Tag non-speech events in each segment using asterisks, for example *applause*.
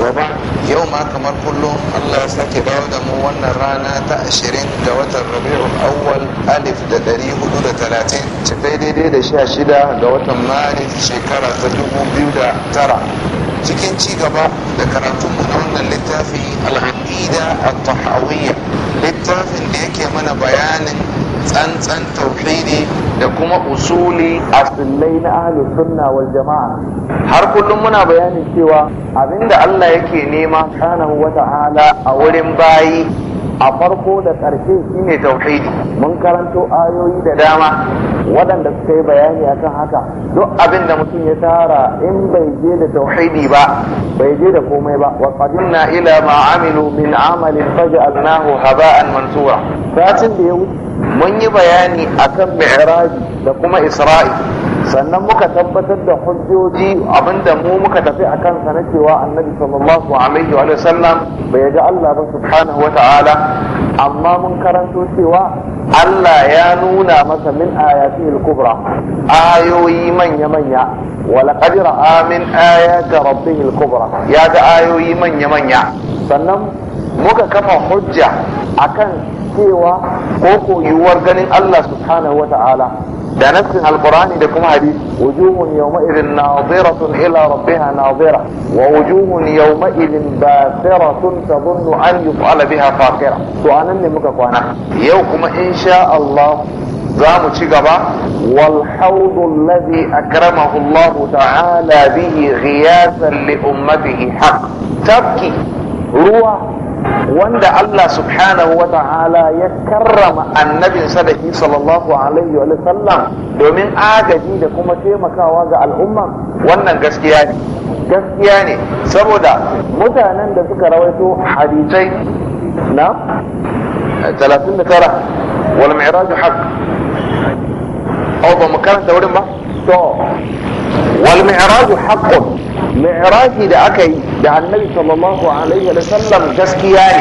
gaba yau ma kamar kullum allah sake dawo da mu wannan rana ta ashirin da watan rabi'ul awwal alif da dari hudu da talatin cifai daidai da sha shida ga watan maris shekara ta dubu biyu da tara cikin ci gaba da karatun mu wannan littafi al'aqida a tahawiyya littafin da yake mana bayanin tsantsan tauhidi da kuma usuli asillai na ahli sunna wal jama'a har kullum muna bayanin cewa abinda Allah yake nema wata ala a wurin bayi a farko da ƙarshe shine tauhidi mun karanto ayoyi da dama waɗanda suka yi bayani akan haka duk abin da mutum ya tara in bai je da tauhidi ba bai je da komai ba wa qadimna ila ma amilu min amalin faj'alnahu haba'an mansura satin da ya wuce mun yi bayani akan mi'raji da kuma isra'i sannan muka tabbatar da hujjoji abinda mu muka tafi a kansa na cewa annabi sallallahu alaihi wa sallam bai ga Allah ba subhanahu wa ta'ala amma mun karanto cewa Allah ya nuna masa min ayati al-kubra ayoyi manya manya wala qadira amin ayati rabbih al-kubra ya ga ayoyi manya manya sannan muka kafa hujja akan cewa ko ko yiwuwar ganin Allah subhanahu wa ta'ala da nassin alqur'ani da kuma hadisi wujuhun yawma idin nadiratun ila rabbiha nadira wa wujuhun yawma idin basiratun tadhunnu an yuf'ala biha faqira to anan ne muka kwana yau kuma insha Allah za mu ci gaba wal haudul ladhi akramahu Allah ta'ala bihi ghiyasan li ummatihi haqq tabki ruwa wanda Allah subhanahu wa ta'ala ya karrama annabin da shi sallallahu alaihi wa sallam domin agaji da kuma taimakawa ga al'umma wannan gaskiya ne gaskiya ne saboda mutanen da suka rawaito hadisai na 39 wal mi'raj haqq au ba mu karanta wurin ba to wal mi'raju haqqun mi'raji da aka yi da annabi sallallahu alaihi wa sallam gaskiya ne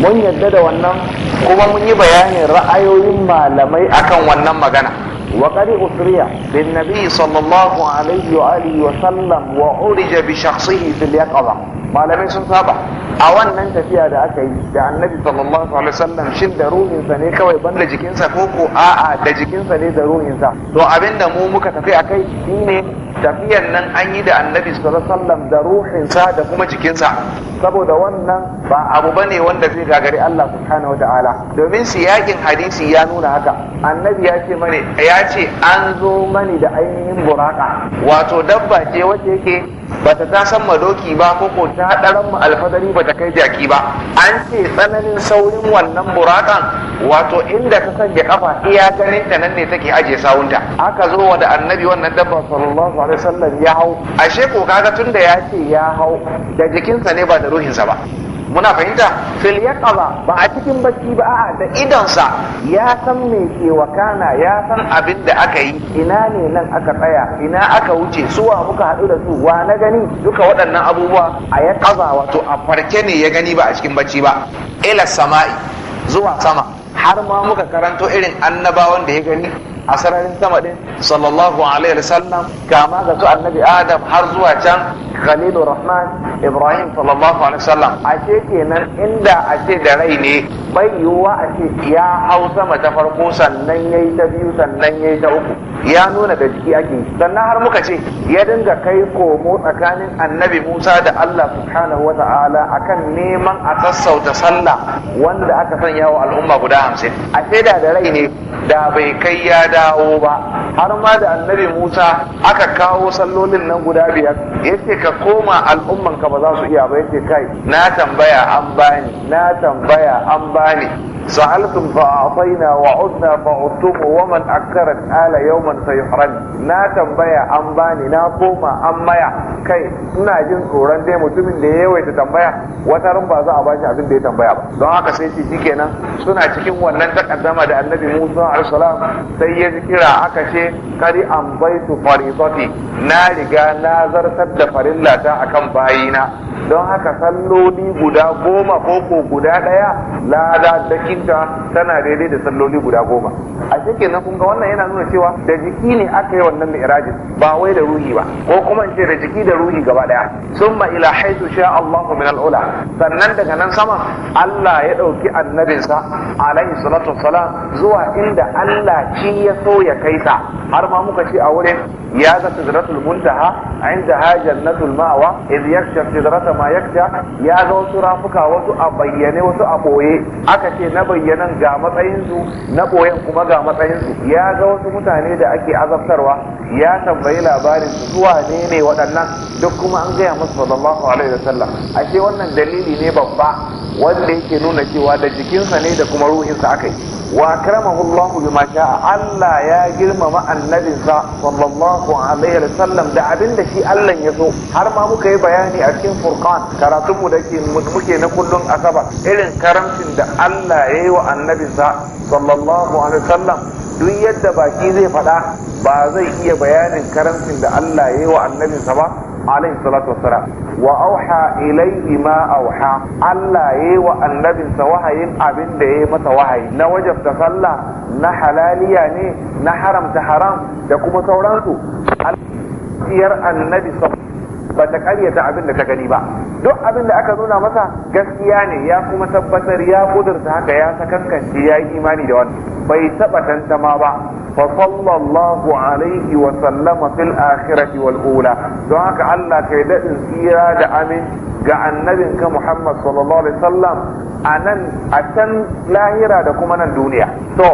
mun yadda da wannan kuma mun yi bayanin ra'ayoyin malamai akan wannan magana وقد أسري بالنبي صلى الله عليه وآله وسلم وعرج بشخصه في اليقظة malamai sun saba a wannan tafiya da aka yi da annabi sallallahu alaihi wasallam shin da ruhinsa ne kawai banda jikinsa ko ko a'a da jikinsa ne da ruhinsa to abinda mu muka tafi akai shine tafiyan nan an yi da annabi sallallahu alaihi da ruhinsa da kuma jikinsa saboda wannan ba abu bane wanda zai gagari Allah subhanahu wataala domin siyakin hadisi ya nuna haka annabi ya ce mana ya ya ce an zo mani da ainihin buraka wato dabba ce wacce yake ba ta ta san madoki ba ko ko ta ɗaran mu alfadari ba ta kai jaki ba an ce tsananin saurin wannan burakan wato inda ta sanya kafa iya ganin ta nan ne take aje sawunta aka zo wa da annabi wannan dabba sallallahu alaihi wasallam ya hau ashe ko kaga tunda ya ce ya hau da jikinsa ne ba da ruhinsa ba muna fahimta fil yaqaba ba a cikin bacci ba a'a da idonsa ya san me ke wakana ya san abin da aka yi ina ne nan aka tsaya ina aka wuce suwa muka haɗu da su wa na gani duka waɗannan abubuwa a yaqaba wato a farke ne ya gani ba a cikin bacci ba ila sama'i zuwa sama har ma muka karanto irin annabawan da ya gani a sararin sama din sallallahu alaihi wasallam kama ga su annabi adam har zuwa can khalilu rahman ibrahim sallallahu alaihi wasallam a ce kenan inda a ce da rai ne bai yiwuwa a ce ya hau sama ta farko sannan yayi ta biyu sannan yayi ta uku ya nuna da jiki ake sannan har muka ce ya dinga kai komo tsakanin annabi musa da allah subhanahu wata'ala akan neman a sassauta sallah wanda aka sanya wa al'umma guda hamsin a shaida da da rai ne da bai kai ya dawo ba har ma da annabi Musa aka kawo sallolin nan guda biyar yace ka koma al'umman ka ba za su iya ba yace kai na tambaya an bani na tambaya an bani utum wa man فعدتم ala yawman sayuhran Na tambaya an bani na koma an maya kai ina jin tsoron dai mutumin da ya yawaita tambaya wata ran ba za a bashi abin da ya tambaya ba don haka sai shi kenan suna cikin wannan takaddama da annabi Musa alaihi salam sai ya ji kira aka ce kari an bai fari faridati na riga na zartar da farin lata a kan bayina don haka salloli guda goma ko ko guda ɗaya lada da kinta tana daidai da salloli guda goma a cikin na kunga wannan yana nuna cewa da jiki ne aka yi wannan irajin ba wai da ruhi ba ko kuma ce da jiki da ruhi gaba daya summa ila haitu sha Allahu min al-ula sannan daga nan sama Allah ya ɗauki annabinsa alaihi salatu wassalam zuwa inda Allah shi so ya kai ta har ma muka ce a wurin ya ga sidratul muntaha inda ha jannatul ma'wa idh yakhsha sidrata ma yakhsha ya ga wasu rafuka wasu a bayyane wasu a boye aka ce na bayyanan ga matsayin su na boyen kuma ga matsayin su ya ga wasu mutane da ake azabtarwa ya tambayi labarin su zuwa ne ne waɗannan duk kuma an gaya masu sallallahu alaihi wasallam ashe wannan dalili ne babba wanda yake nuna cewa da jikinsa ne da kuma ruhinsa aka yi wa akramahu Allahu bima sha'a Allah ya girmama annabinsa sallallahu alaihi wa sallam da abinda shi Allah ya so har ma muka yi bayani a cikin Furqan karatun mu da muke na kullun asaba irin karamcin da Allah ya yi wa annabinsa sallallahu alaihi wa sallam duk yadda baki zai faɗa ba zai iya bayanin karamcin da Allah ya yi wa annabinsa ba alaihi salatu wassalam wa auha ilaihi ma auha Allah yayi wa annabinsa wahayin abin da yayi masa wahayi na wajabta sallah na halaliya ne na haramta haram da kuma sauransu siyar annabi sallallahu ba ta karyata abin da ta gani ba duk abin da aka nuna masa gaskiya ne ya kuma tabbatar ya kudurta haka ya sakankance ya yi imani da wani bai taba tantama ba fa sallallahu alaihi wa sallama fil akhirati wal ula don haka Allah kai dadin tsira da amin ga annabin ka Muhammad sallallahu alaihi wasallam a nan a can lahira da kuma nan duniya to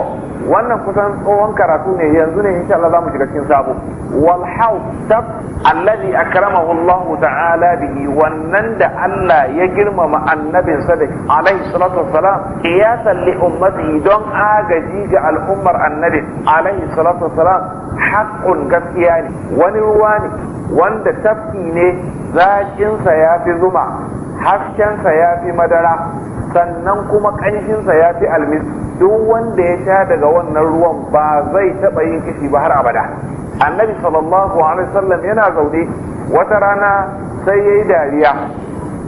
wannan kusan tsohon karatu ne yanzu ne insha Allah mu shiga cikin sabo wal haw tab alladhi akramahu Allah ta'ala bihi da Allah ya girmama annabin da alaihi salatu salli qiyasan li ummatihi don agaji ga al'ummar annabi alaihi salatu wassalam haqqun gaskiya ne wani ruwa ne wanda tafki ne zaƙinsa ya fi zuma haskensa ya fi madara sannan kuma ƙanshinsa ya fi almis duk wanda ya sha daga wannan ruwan ba zai taɓa yin kishi ba har abada annabi sallallahu alaihi wasallam yana zaune wata rana sai yayi dariya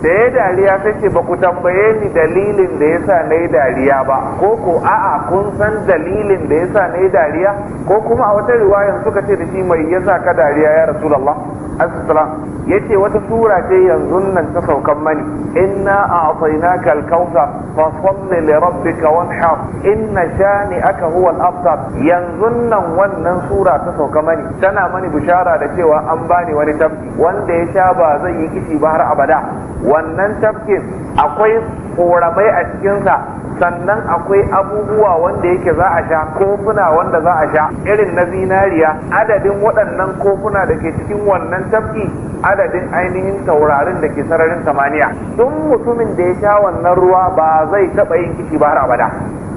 da ya dariya sai ce ba ku tambaye ni dalilin da yasa na yi dariya ba ko ko a'a kun san dalilin da yasa na yi dariya ko kuma a wata riwayan suka ce da shi mai yasa ka dariya ya rasulullah assalam yace wata sura ce yanzu nan ta saukan mani inna a'tainaka al-kautsar fa salli li rabbika wanhar inna shani'aka huwa al-aftar yanzu nan wannan sura ta sauka mani tana mani bishara da cewa an bani wani tafki wanda ya sha ba zai yi kishi ba har abada wannan tafkin akwai ƙoramai a cikinsa sannan akwai abubuwa wanda yake za a sha kofuna wanda za a sha irin na zinariya adadin waɗannan kofuna da ke cikin wannan tafki adadin ainihin taurarin da ke sararin samaniya duk mutumin da ya sha wannan ruwa ba zai taɓa yin kishi ba har abada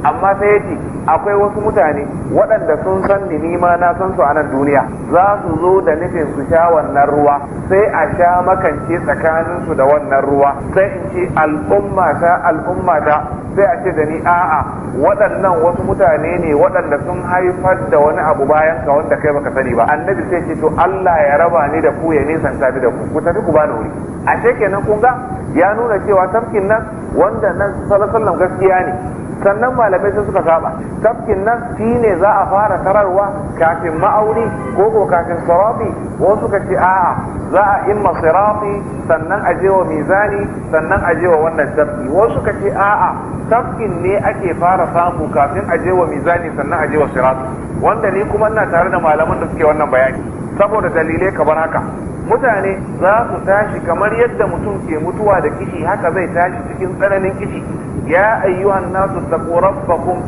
amma sai ya ce akwai wasu mutane waɗanda sun san ni nima na san su a nan duniya za su zo da nufin su sha wannan ruwa sai a sha makance tsakanin su da wannan ruwa sai in ce al'umma ta al'umma ta sai a ce da ni a'a waɗannan wasu mutane ne waɗanda sun haifar da wani abu bayan ka wanda kai baka sani ba annabi sai ce to Allah ya raba ni da ku ya nisanta ni da ku ku tafi ku bani wuri a kenan kun ga ya nuna cewa tafkin nan wanda nan sallallahu gaskiya ne sannan Malam. malamai sun suka saba tafkin nan shi ne za a fara tararwa kafin ma'auri ko kafin sirafi wasu ka ce a'a za a imma sirafi sannan a je wa mizani sannan a je wa wannan tafki wasu ka ce a'a tafkin ne ake fara samu kafin a je wa mizani sannan a je wa sirafi wanda ni kuma ina tare da malaman da suke wannan bayani saboda dalilai kamar haka mutane za su tashi kamar yadda mutum ke mutuwa da kishi haka zai tashi cikin tsananin kishi يا ايها الناس اتقوا ربكم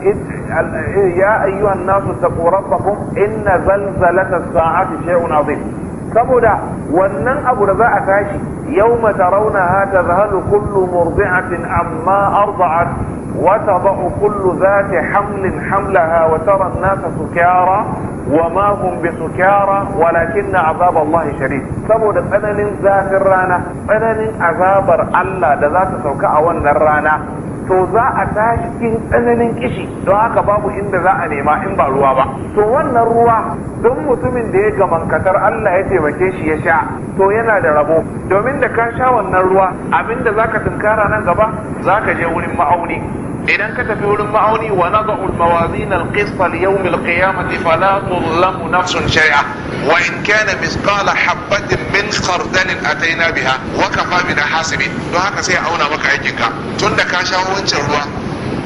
يا ايها الناس اتقوا ربكم ان زلزله الساعه شيء عظيم سبدا ونن ابو رضا اتاشي يوم ترونها تذهل كل مرضعة اما ارضعت وتضع كل ذات حمل حملها وترى الناس سكارى وما هم بسكارى ولكن عذاب الله شديد سبدا قدن ذات الرانة قدن عذاب الله ذات سوكا وان الرانة to za a tashi cikin tsananin kishi don haka babu inda za a nema in ba ruwa ba to wannan ruwa don mutumin da ya katar Allah ya taimake shi ya sha to yana da rabo domin da ka sha wannan ruwa abinda zaka tunkara nan gaba za ka je wurin ma'auni idan ka tafi wurin ma'auni wa nagaul mawazinal mawazin al-qist li yawm al-qiyamati fala tuzlamu nafsun shay'a wa in kana misqala habatin min khardalin ataina biha wa kafa bina hasibin don haka sai auna maka aikin ka tunda ka sha wancan ruwa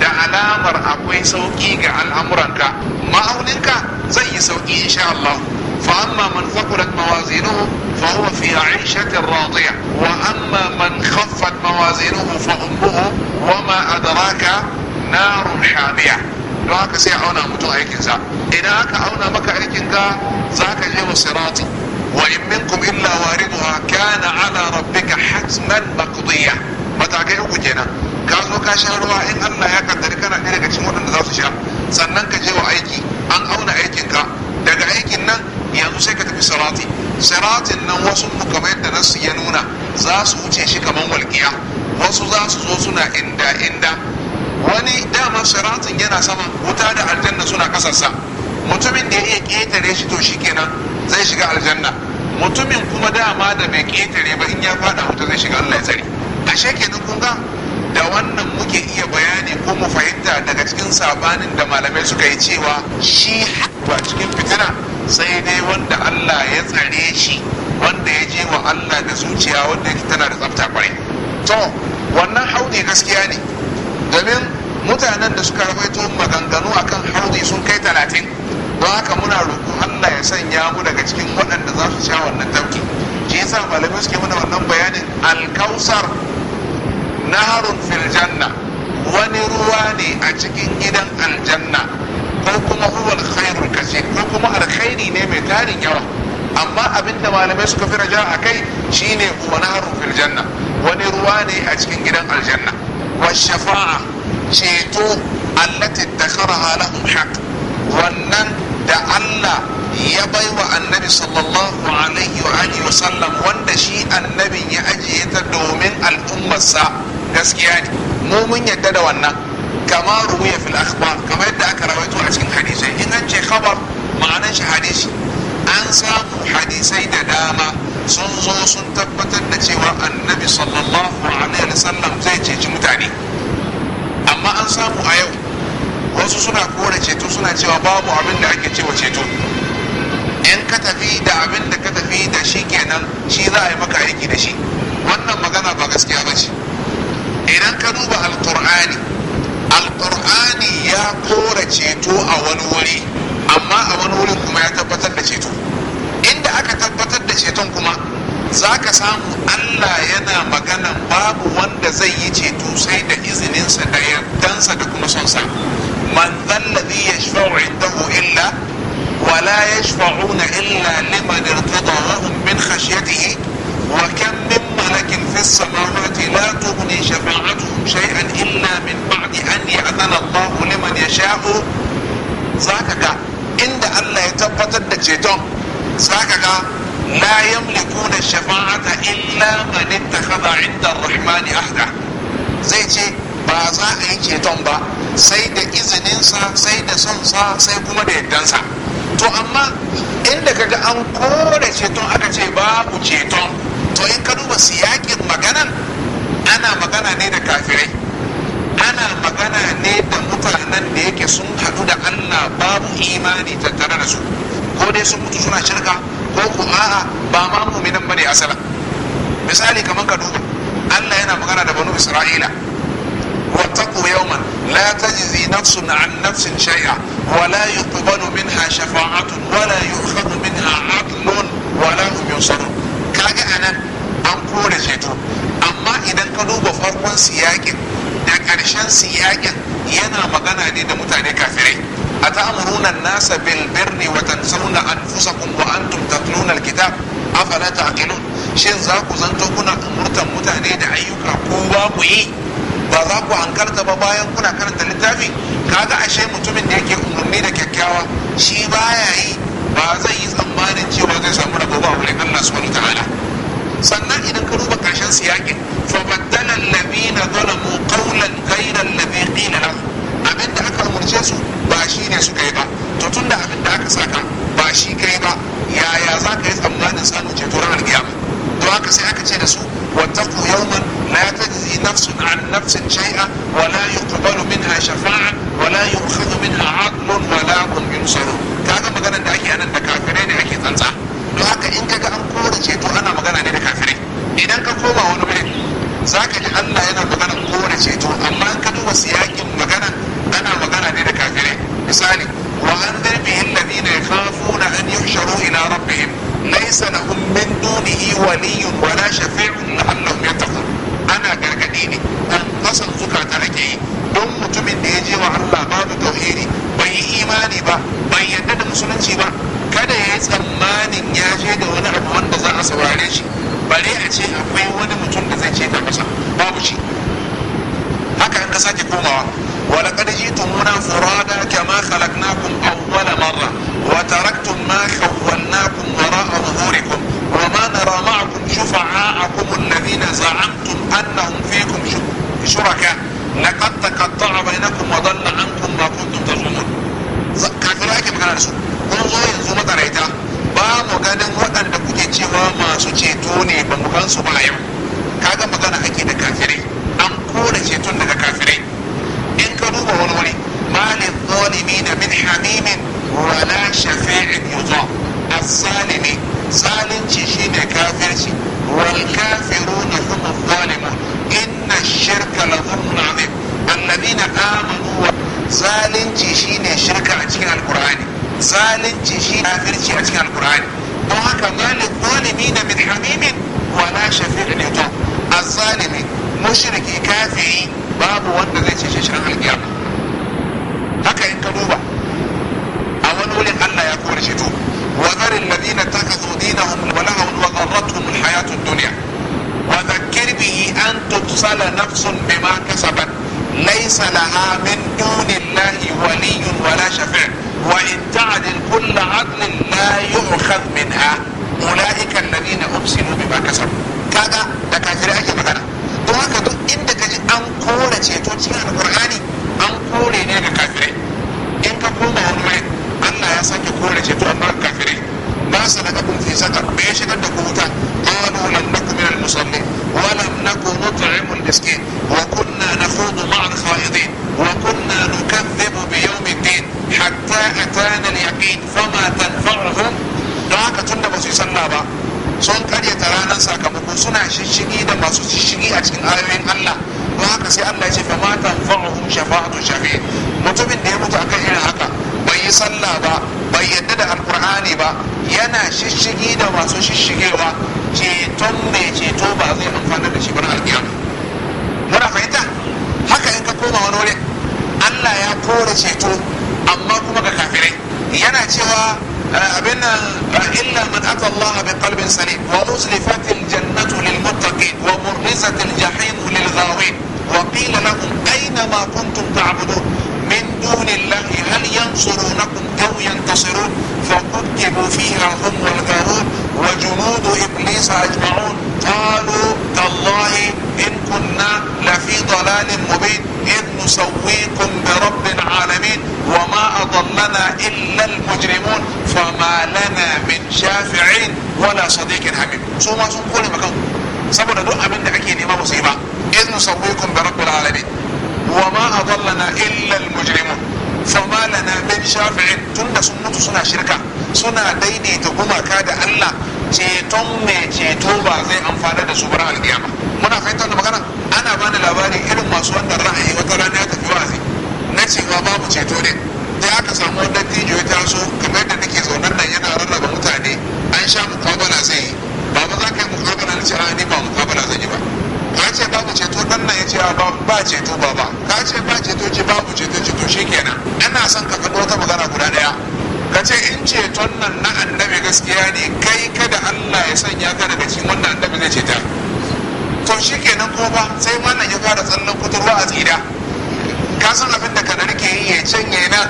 da alamar akwai sauki ga al'amuranka ma'auninka zai yi sauki insha Allah فأما من ثقلت موازينه فهو في عيشة راضية وأما من خفت موازينه فأمه وما أدراك نار حامية لوك سي أونا متو أيكنزا إن أك أونا مكا أيكنزا ذاك جيم صراطي وإن منكم إلا واردها كان على ربك حتما مقضية متاكي كيف جينا كازو كاشر إن الله يقدر كان إلى كشمون النظافة شا سننك جيو أيكي أن أونا أيكنزا daga aikin nan yanzu sai ka tafi sirati siratin nan wasu kamar yadda nasu ya nuna za su wuce shi kamar walƙiya wasu za su zo suna inda inda wani dama siratin yana sama wuta da aljanna suna kasarsa mutumin da ya iya ƙetare shi to shi kenan zai shiga aljanna mutumin kuma dama da bai ƙetare ba in ya fada wuta zai shiga allah ya tsare ashe kenan kun ga da wannan muke iya bayani ko mu fahimta daga cikin sabanin da malamai suka yi cewa shi ba cikin fitina sai dai wanda Allah ya tsare shi wanda ya je wa Allah da zuciya wanda yake tana da tsafta kwarai to wannan haudi gaskiya ne domin mutanen da suka rawaito maganganu akan haudi sun kai talatin don haka muna roƙo Allah ya sanya mu daga cikin waɗanda za su sha wannan tauki shi yasa malamai suke mana wannan bayanin alkausar naharun harin filjanna. wani ruwa ne a cikin gidan aljanna ko kuma huwal khairul kasir ko kuma alkhairi ne mai tarin yawa amma abinda malamai suka fi raja a kai shine wa nahrun fil janna wani ruwa ne a cikin gidan aljanna wa shafa'a ceto allati dakharaha lahum haqq wannan da Allah ya baiwa annabi sallallahu alaihi wa alihi wa sallam wanda shi annabin ya ajiye ta domin al'ummarsa gaskiya ne mu mun yadda da wannan kama ruwiya fil akhbar kamar yadda aka rawaito a cikin hadisai in an ce khabar ma'anar shi hadisi an samu hadisai da dama sun zo sun tabbatar da cewa annabi sallallahu alaihi wasallam zai ceci mutane amma an samu a yau wasu suna kore ceto suna cewa babu abin da ake cewa ceto in ka tafi da abin da ka tafi da shi kenan shi za a yi maka aiki da shi wannan magana ba gaskiya ba ce idan ka duba alkur'ani alƙur'ani ya kora ceto a wani wuri amma a wani wuri kuma ya tabbatar da ceto inda aka tabbatar da ceton kuma za ka samu allah yana maganan babu wanda zai yi ceto sai da izininsa da yardansa da kuma son sa man zallazi ya shafa'u indahu illa wala ya shafa'una illa liman irtada lahum min khashyatihi وكم من ملك في السماوات لا تغني شفاعتهم شيئا إلا من بعد أن يأذن الله لمن يشاء ذاك عند الله يتبت الشيطان ذاك لا يملكون الشفاعة إلا من اتخذ عند الرحمن أحدا zai ce ba za a yi ceton ba sai da izininsa sai da sonsa sai kuma da yaddansa to amma inda kaga an kore ceton aka ce babu ceton to in ka duba siyakin maganan ana magana ne da kafirai ana magana ne da mutanen da yake sun haɗu da allah babu imani tattare da su ko dai sun mutu suna shirka ko ku a'a ba ma muminan bane asala misali kamar ka duba allah yana magana da banu isra'ila واتقوا يوما لا تجزي نفس عن نفس شيئا ولا يقبل منها شفاعة ولا يؤخذ منها عدل ولا هم ينصرون siyakin da ƙarshen siyakin yana magana ne da mutane kafirai a ta'amuruna nasa bil birni wa tansawna anfusakum wa antum tatluna alkitab afala taqilun shin za ku zanto kuna umurtan mutane da ayyuka ko ba ku yi ba za ku hankalta ba bayan kuna karanta littafi kaga ashe mutumin da yake umarni da kyakkyawa shi baya yi ba zai yi tsammanin cewa zai samu rabo ba wani Allah subhanahu wa ta'ala sannan idan ka duba karshen siyakin fa baddala alladhina zalamu qawlan ghayra alladhi qila lahum abinda aka umarce su ba shi ne suka yi ba to tunda abinda aka saka ba shi kai ba yaya za ka yi tsammanin samun ceto ranar kiyama to haka sai aka ce da su wattaqu yawman la tajzi nafsun an nafsin shay'a wa la yuqbalu minha shafa'a wa la yu'khadhu minha 'adlun wa la hum yunsaru kaga maganar da ake anan da kafirai ne ake tsantsa don haka in kaga an kore ceto ana magana ne da idan ka koma wani wuri za ka ji allah yana magana kowane ceto amma ka duba siyakin magana ana magana ne da kafirai misali wa na darbihin ladina yakhafuna an yuhsharu ila rabbihim laysa lahum min dunihi waliyyun wala shafi'un la'annahum yattaqun ana gargadi ne an kasan zukata ake yi don mutumin da ya je wa allah babu tauhidi bai yi imani ba bai yadda da musulunci ba kada ya yi tsammanin ya je da wani abu wanda za a saurare shi bare a ce akwai wani mutum da zai ce ta masa babu shi haka in ka sake komawa ولقد جئتمونا فرادا كما خلقناكم أول مرة وتركتم ما خولناكم وراء ظهوركم وما نرى معكم شفعاءكم الذين زعمتم أنهم فيكم شركاء لقد تكلموا sai Allah ya ce fa ma tanfa'uhum shafa'atu shafi'in mutumin da ya mutu akan irin haka bai yi sallah ba bai yadda da alkur'ani ba yana shishigi da masu shishigewa ceton mai ceto ba zai amfana da shi ba na muna fahimta haka in ka koma wani wuri Allah ya kore ceto amma kuma ga kafirai yana cewa eh, abin nan eh, illa man ata Allah bi qalbin salim wa uzlifatil jannatu lil muttaqin wa burrizatil jahim lil ghawin وقيل لهم أين ما كنتم تعبدون من دون الله هل ينصرونكم أو ينتصرون فكتبوا فيها هم والكارون وجنود إبليس أجمعون قالوا تالله إن كنا لفي ضلال مبين إذ نسويكم برب العالمين وما أضلنا إلا المجرمون فما لنا من شافعين ولا صديق حميم سوما سوما كل مكان سبب دعا من دعكين إمام مصيبة إذ نسويكم برب العالمين وما أضلنا إلا المجرمون فما لنا tun da تند سنة سنة شركة سنة ديني تقوم كاد allah ceton mai ceto ba zai amfana da su bar alƙiyama muna fahimtar da magana ana bani labari irin masu wannan ra'ayi wata rana ya tafi wazi na cewa babu ceto ne da aka samu wannan tijo ya taso kamar yadda nake zaunar nan yana rarraba mutane an sha mukabala zai yi ba ba za ka yi mukabala na ni ba mukabala zan yi ba ka ce babu ceto dan nan ya ce ba ceto ba ba ka ce ba ceto ce babu ceto ceto shikenan Ina son ka kaɗo ta magana guda ɗaya ka ce in ceton nan na annabi gaskiya ne kai kada Allah ya sanya ka daga cikin wanda annabi zai ceta to shikenan ko ba sai wannan ya fara tsallan kuturwa a tsida. ka san abin da kana rike yi ya canye na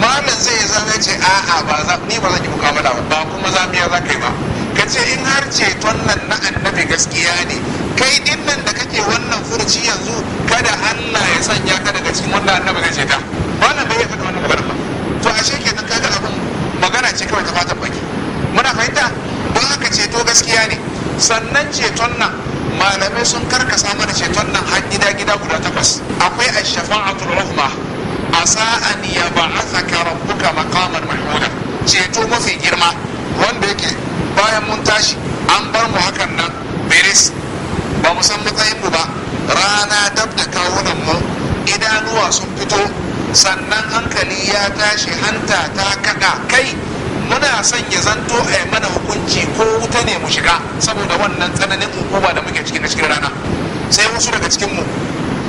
malam zai zama ce a'a ba za ni ba zan yi mukamala ba ba kuma zamiya za ka yi ba ka ce in har ceton nan na annabi gaskiya ne kai din nan da kake wannan furci yanzu kada Allah ya sanya ka daga cikin wanda annabi gace ta wannan bai faɗa wannan magana ba to ashe kenan kaga abin magana ce kawai ta fatan baki muna fahimta don haka ceto gaskiya ne sannan ceton nan malamai sun karkasa mana ceton nan har gida gida guda takwas akwai ash-shafa'atul rahma asa an yab'athaka rabbuka maqaman mahmuda ceto mafi girma wanda yake bayan mun tashi an bar mu hakan nan beres ba mu san matsayin mu ba rana dab da kawunan mu idanuwa sun fito sannan hankali ya tashi hanta ta kada kai muna son ya zanto a mana hukunci ko wuta ne mu shiga saboda wannan tsananin hukuma da muke cikin cikin rana sai wasu daga cikin mu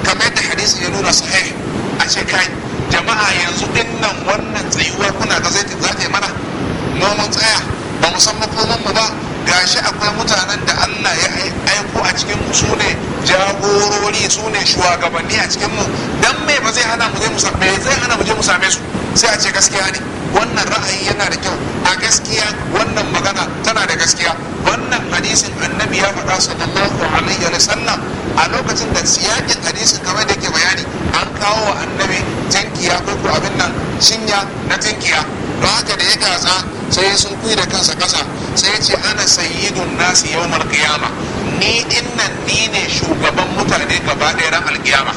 kamar da hadisi ya nuna sahih a ce kai jama'a yanzu nan wannan tsayuwar kuna ga zai ta mana noman tsaya ba mu san makomanmu ba gashi akwai mutanen da Allah ya aiko a cikin mu su ne jagorori su ne shugabanni a cikin mu dan me ba zai hana mu je mu same zai hana mu je mu su sai a ce gaskiya ne wannan ra'ayi yana da kyau a gaskiya wannan magana tana da gaskiya wannan hadisin annabi ya faɗa sallallahu alaihi wa sallam a lokacin da siyakin hadisin kamar da ke bayani an kawo wa annabi tankiya ko abin nan shinya na tinkiya don da ya katsa sai sun kui da kansa kasa sai ce ana sayyidun nasi yawmar kiyama ni innan ni ne shugaban mutane gaba ɗaya ran alkiyama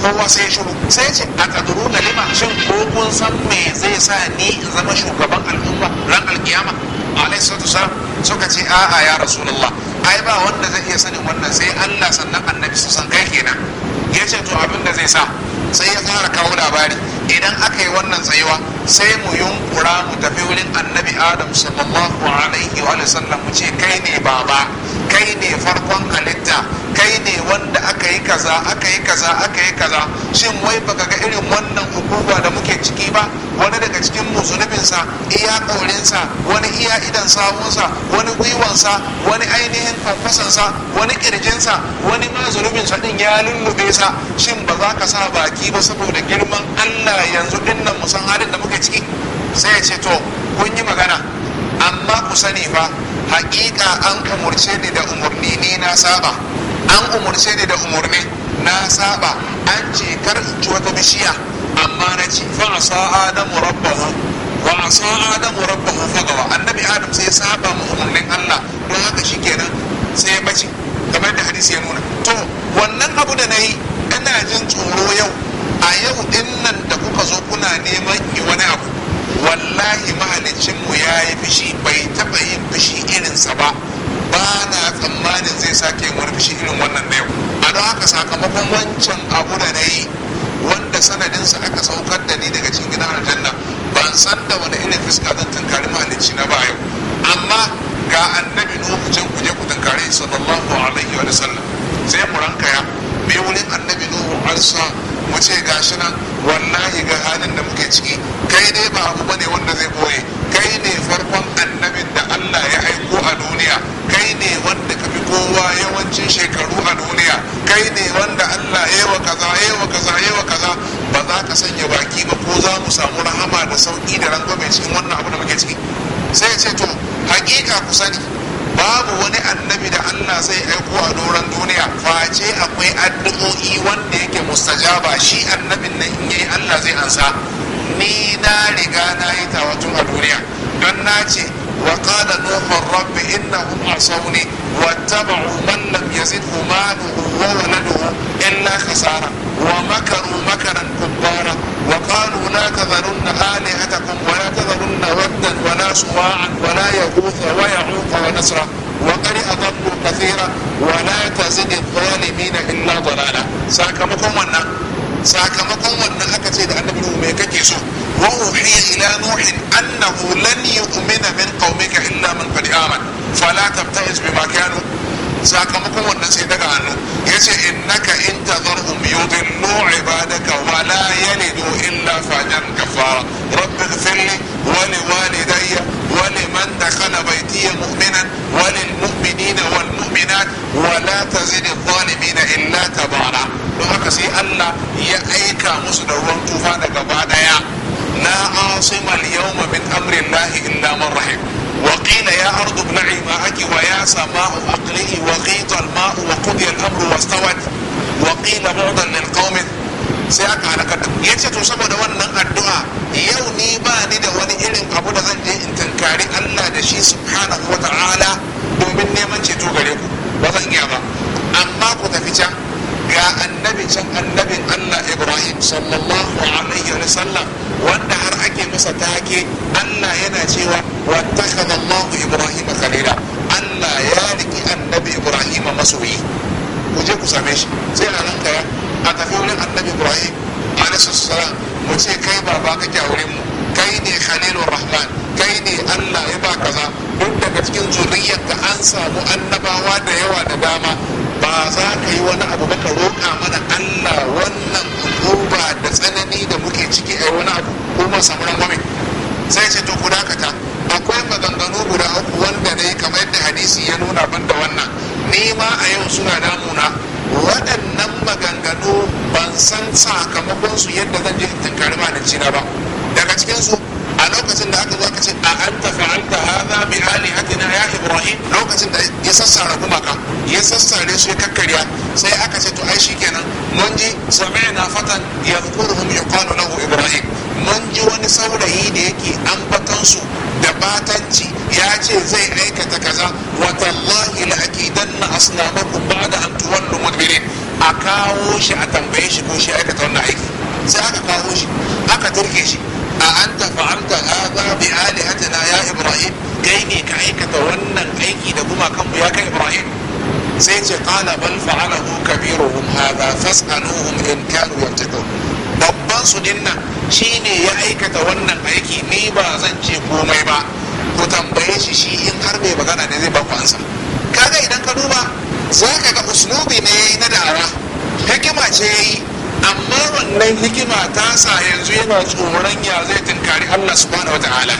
kowa sai shuru sai ce a kaduru na lima shin ko kun san me zai sa ni in zama shugaban al'umma ran alkiyama alaihi salatu wasalam suka ce a'a ya rasulullah ai ba wanda zai iya sanin wannan sai Allah sannan annabi su san kai kenan ya ce to abin da zai sa sai ya fara kawo labari idan aka yi wannan tsayuwa sai mu yunkura mu tafi wurin annabi adam sallallahu alaihi wa sallam mu ce kai ne baba kai ne farkon halitta kai ne wanda aka yi kaza aka yi kaza aka yi kaza shin wai baka ga irin wannan hukuma da muke ciki ba wani daga cikin mu zunubinsa iya ƙaurinsa wani iya idan sawunsa wani gwiwansa wani ainihin kwakwasansa wani ƙirjinsa wani ma zunubinsa din ya lullube sa shin ba za ka sa baki ba saboda girman allah yanzu din nan musan halin da muke ciki sai ya ce to kun yi magana amma ku sani fa Hakika an umurce ni da umurni ni na saba an umurce ni da umurni na saba an ce kar in ci wata bishiya amma na ci fa sa adamu rabbahu wa sa adamu rabbahu fagawa annabi adam sai saba mu umurnin Allah don haka shikenan sai ya bace kamar da hadisi ya nuna to wannan abu da nayi ina jin tsoro yau a yau din nan da kuka zo kuna neman yi wani abu wallahi mu ya yi fishi bai taba yin fushi irinsa ba ba na tsammanin zai sake yin wani fushi irin wannan na yau a don haka sakamakon wancan abu da na yi wanda sanadinsa aka saukar da ni daga cikin gidan aljanna ban san da wani irin fiska zan tunkari mahalicci na ba yau amma ga annabi nuhu can ku je ku tunkare sallallahu alaihi wa sallam sai mu rankaya me wurin annabi nuhu arsa mu ce gashi nan wallahi ga halin da muke ciki kai dai ba abu bane wanda zai boye kai ne farkon annabin da Allah ya aiko a duniya kai ne wanda ka fi kowa yawancin shekaru a duniya kai ne wanda Allah ya wa kaza ya wa kaza ya wa kaza ba za ka sanya baki ba ko za mu samu rahama da sauki da rangwame cikin wannan abu da muke ciki sai ce to hakika ku sani babu wani annabi da Allah zai aiko a doron duniya face akwai addu'o'i wanda yake mustajaba shi annabin nan in yayi Allah zai ansa ni na riga na yi tawatun a duniya don na ce wa qala nuhu rabbi innahum asawni wattaba'u man lam yazidhu maluhu wa waladuhu illa khasara wa makaru makaran kubbara وقالوا لا تذرن آلهتكم ولا تذرن ودا ولا سواعا ولا يغوث ويعوق ونسرا وقد أضلوا كثيرا ولا تزد الظالمين إلا ضلالا ساكمكم ونا ساكمكم ونا أكتيد أن ابنه ميكك وأوحي إلى نوح أنه لن يؤمن من قومك إلا من قد آمن فلا تبتئس بما كانوا sakamakon wannan sai daga hannu ya ce innaka in tazarhum yudillu ibadaka wa la yalidu illa fajan kafara rabbi ghfirli wa li walidayya wa liman dakhala baytiya mu'minan wa lil mu'minina wal mu'minat wa la tazid adh-dhalimina illa tabara don haka sai Allah ya aika musu da ruwan tufa daga gaba daya la asima al-yawma min amri Allah illa man rahim وقيل يا أرض ابلعي ماءك ويا سماء أقلعي وغيض الماء وقضي الأمر واستوت وقيل بعضا للقوم sai aka halakar ya ce to saboda wannan addu'a yau ni ba ni da wani irin abu da zan je in tankari Allah da shi subhanahu wa ta'ala domin neman ceto gare ku ba zan iya ba amma ku tafi can ga annabi can annabin Allah Ibrahim sallallahu wanda har ake masa take Allah yana cewa واتخذ الله إبراهيم خليلا الله يالك النبي إبراهيم مسوي وجه كساميش زي لانك يا أتفعل النبي إبراهيم عليه الصلاة والسلام وشي كي باباك كأولم كيني خليل الرحمن كيني الله يبا كذا duk daga cikin zuriyarka an samu annabawa da yawa da dama ba za ka yi wani abu ba ka roƙa mana Allah wannan uba da tsanani da muke ciki a wani abu kuma samu sai ce to ku dakata akwai maganganu guda uku wanda ne kamar yadda hadisi ya nuna ban da wannan ni ma a yau suna namuna waɗannan maganganu ban san sakamakon su yadda zan je tunkari da na ba daga cikin su a lokacin da aka zo aka ce a anta fa'alta hadha bi alihatina ya ibrahim lokacin da ya sassara gumaka ya sassare su ya kakkarya sai aka ce to ai shi kenan mun ji sami'na fatan yadhkuruhum yuqalu lahu ibrahim mun ji wani saurayi da yake ambatansu da batanci ya ce zai aikata kaza watallahi la akidanna asnamakum ba'da an tuwallu mudbirin a kawo shi a tambaye shi ko shi aikata wannan aiki sai aka kawo shi aka turke shi a an anta fa'alta hadha bi alihatina ya ibrahim kai ne ka aikata wannan aiki da kuma kanmu ya kai ibrahim sai ce qala bal fa'alahu kabiruhum hadha fas'aluhum in kanu yattaqun su shi ne ya aikata wannan aiki ni ba zan ce komai ba ku tambaye shi shi in har bai magana ne zai ba ku ansa kaga idan ka duba za ka ga uslubi ne yayi na dara. hikima ce yayi amma wannan hikima ta sa yanzu yana tsoron ya zai tunkari Allah subhanahu wataala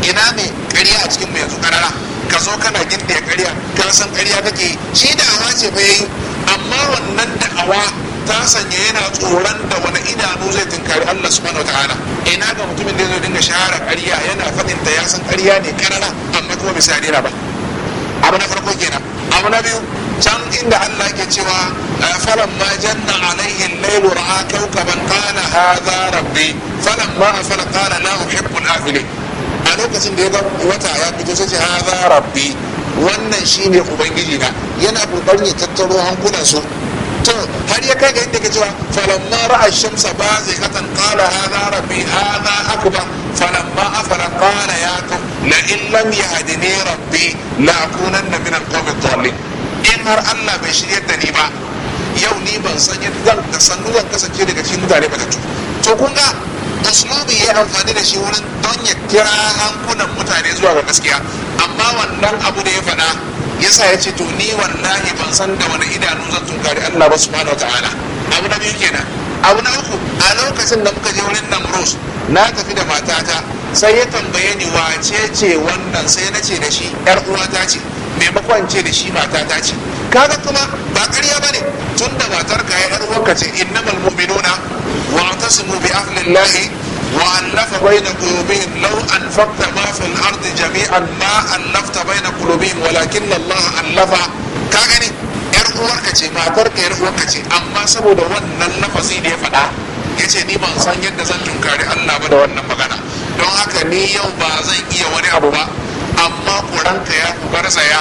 ina mai ƙarya a cikin mu yanzu karara ka zo kana gindaya ƙarya ka san ƙarya kake shi da awa ce fa yayi amma wannan da da'awa ta sanya yana tsoron da wani idanu zai tunkari Allah subhanahu wataala ina ga mutumin da ya zai dinga shahara ƙarya yana faɗin ta ya san ƙarya ne karara amma kuma bisa dina ba abu na farko kenan abu na biyu can inda Allah ke cewa falan ma janna alaihi al-layl ra'a kawkaban qala hadha rabbi falan ma afala qala la uhibbu al afili a lokacin da ya ga wata ya fito sai ce hadha rabbi wannan shine ubangiji na yana kokarin ya tattaro hankulan su to har ya kai ga inda ke cewa falamma ra'a shamsa bazighatan qala hadha rabbi hadha akbar falamma afala qala ya qum la in yahdini rabbi la akunanna min alqawmi adh in har Allah bai shiryar da ni ba yau ni ban san yadda ga sannu zan kasance daga cikin mutane ba tu to kun ga uslubi ya amfani da shi wurin don ya kira hankunan mutane zuwa ga gaskiya amma wannan abu da ya faɗa yasa ya ce to ni wallahi ban san da wani idanu zan tunkari Allah ba subhanahu wataala abu na biyu kenan abu na uku a lokacin da muka je wurin namros na tafi da matata sai ya tambaye ni wace ce wannan sai na ce da shi yar uwata ce maimakon ce da shi matata ce kaga kuma ba ƙarya ba ne tun da matar ka yar uwarka ce innamal mu'minuna wa bi ahlillahi وألف بين قلوبهم لو أنفقت ما في الأرض جميعا ما ألفت بين قلوبهم ولكن الله ألف كاغني ‘yar uwarka ce matarka ‘yar uwarka ce amma saboda wannan lafazi da ya faɗa yace ni ban san yadda zan tunkari Allah ba da wannan magana don haka ni yau ba zan iya wani abu ba amma ƙuranka ya ku garzaya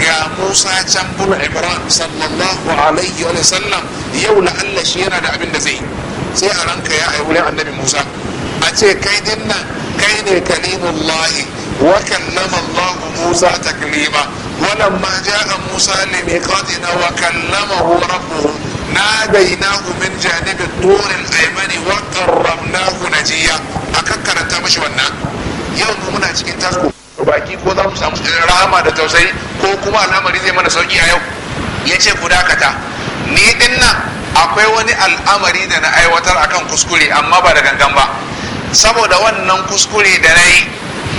ga Musa can bin ibrahim sallallahu alaihi wa sallam yau la'alla shi yana da abin da zai sai a ranka ya yi wurin annabi Musa a ce kai dinnan kai ne kalimullahi wa kallama Allah Musa taklima ولما جاء موسى لميقاتنا وكلمه ربه ناديناه من جانب الطور الايمن وقربناه نجيا اككر ta mashi wannan yau mu muna cikin tasko baki ko za mu samu rahama da tausayi ko kuma al'amari zai mana sauki a yau ya ce ku dakata ni din nan akwai wani al'amari da na aiwatar akan kuskure amma ba da gangan ba saboda wannan kuskure da na yi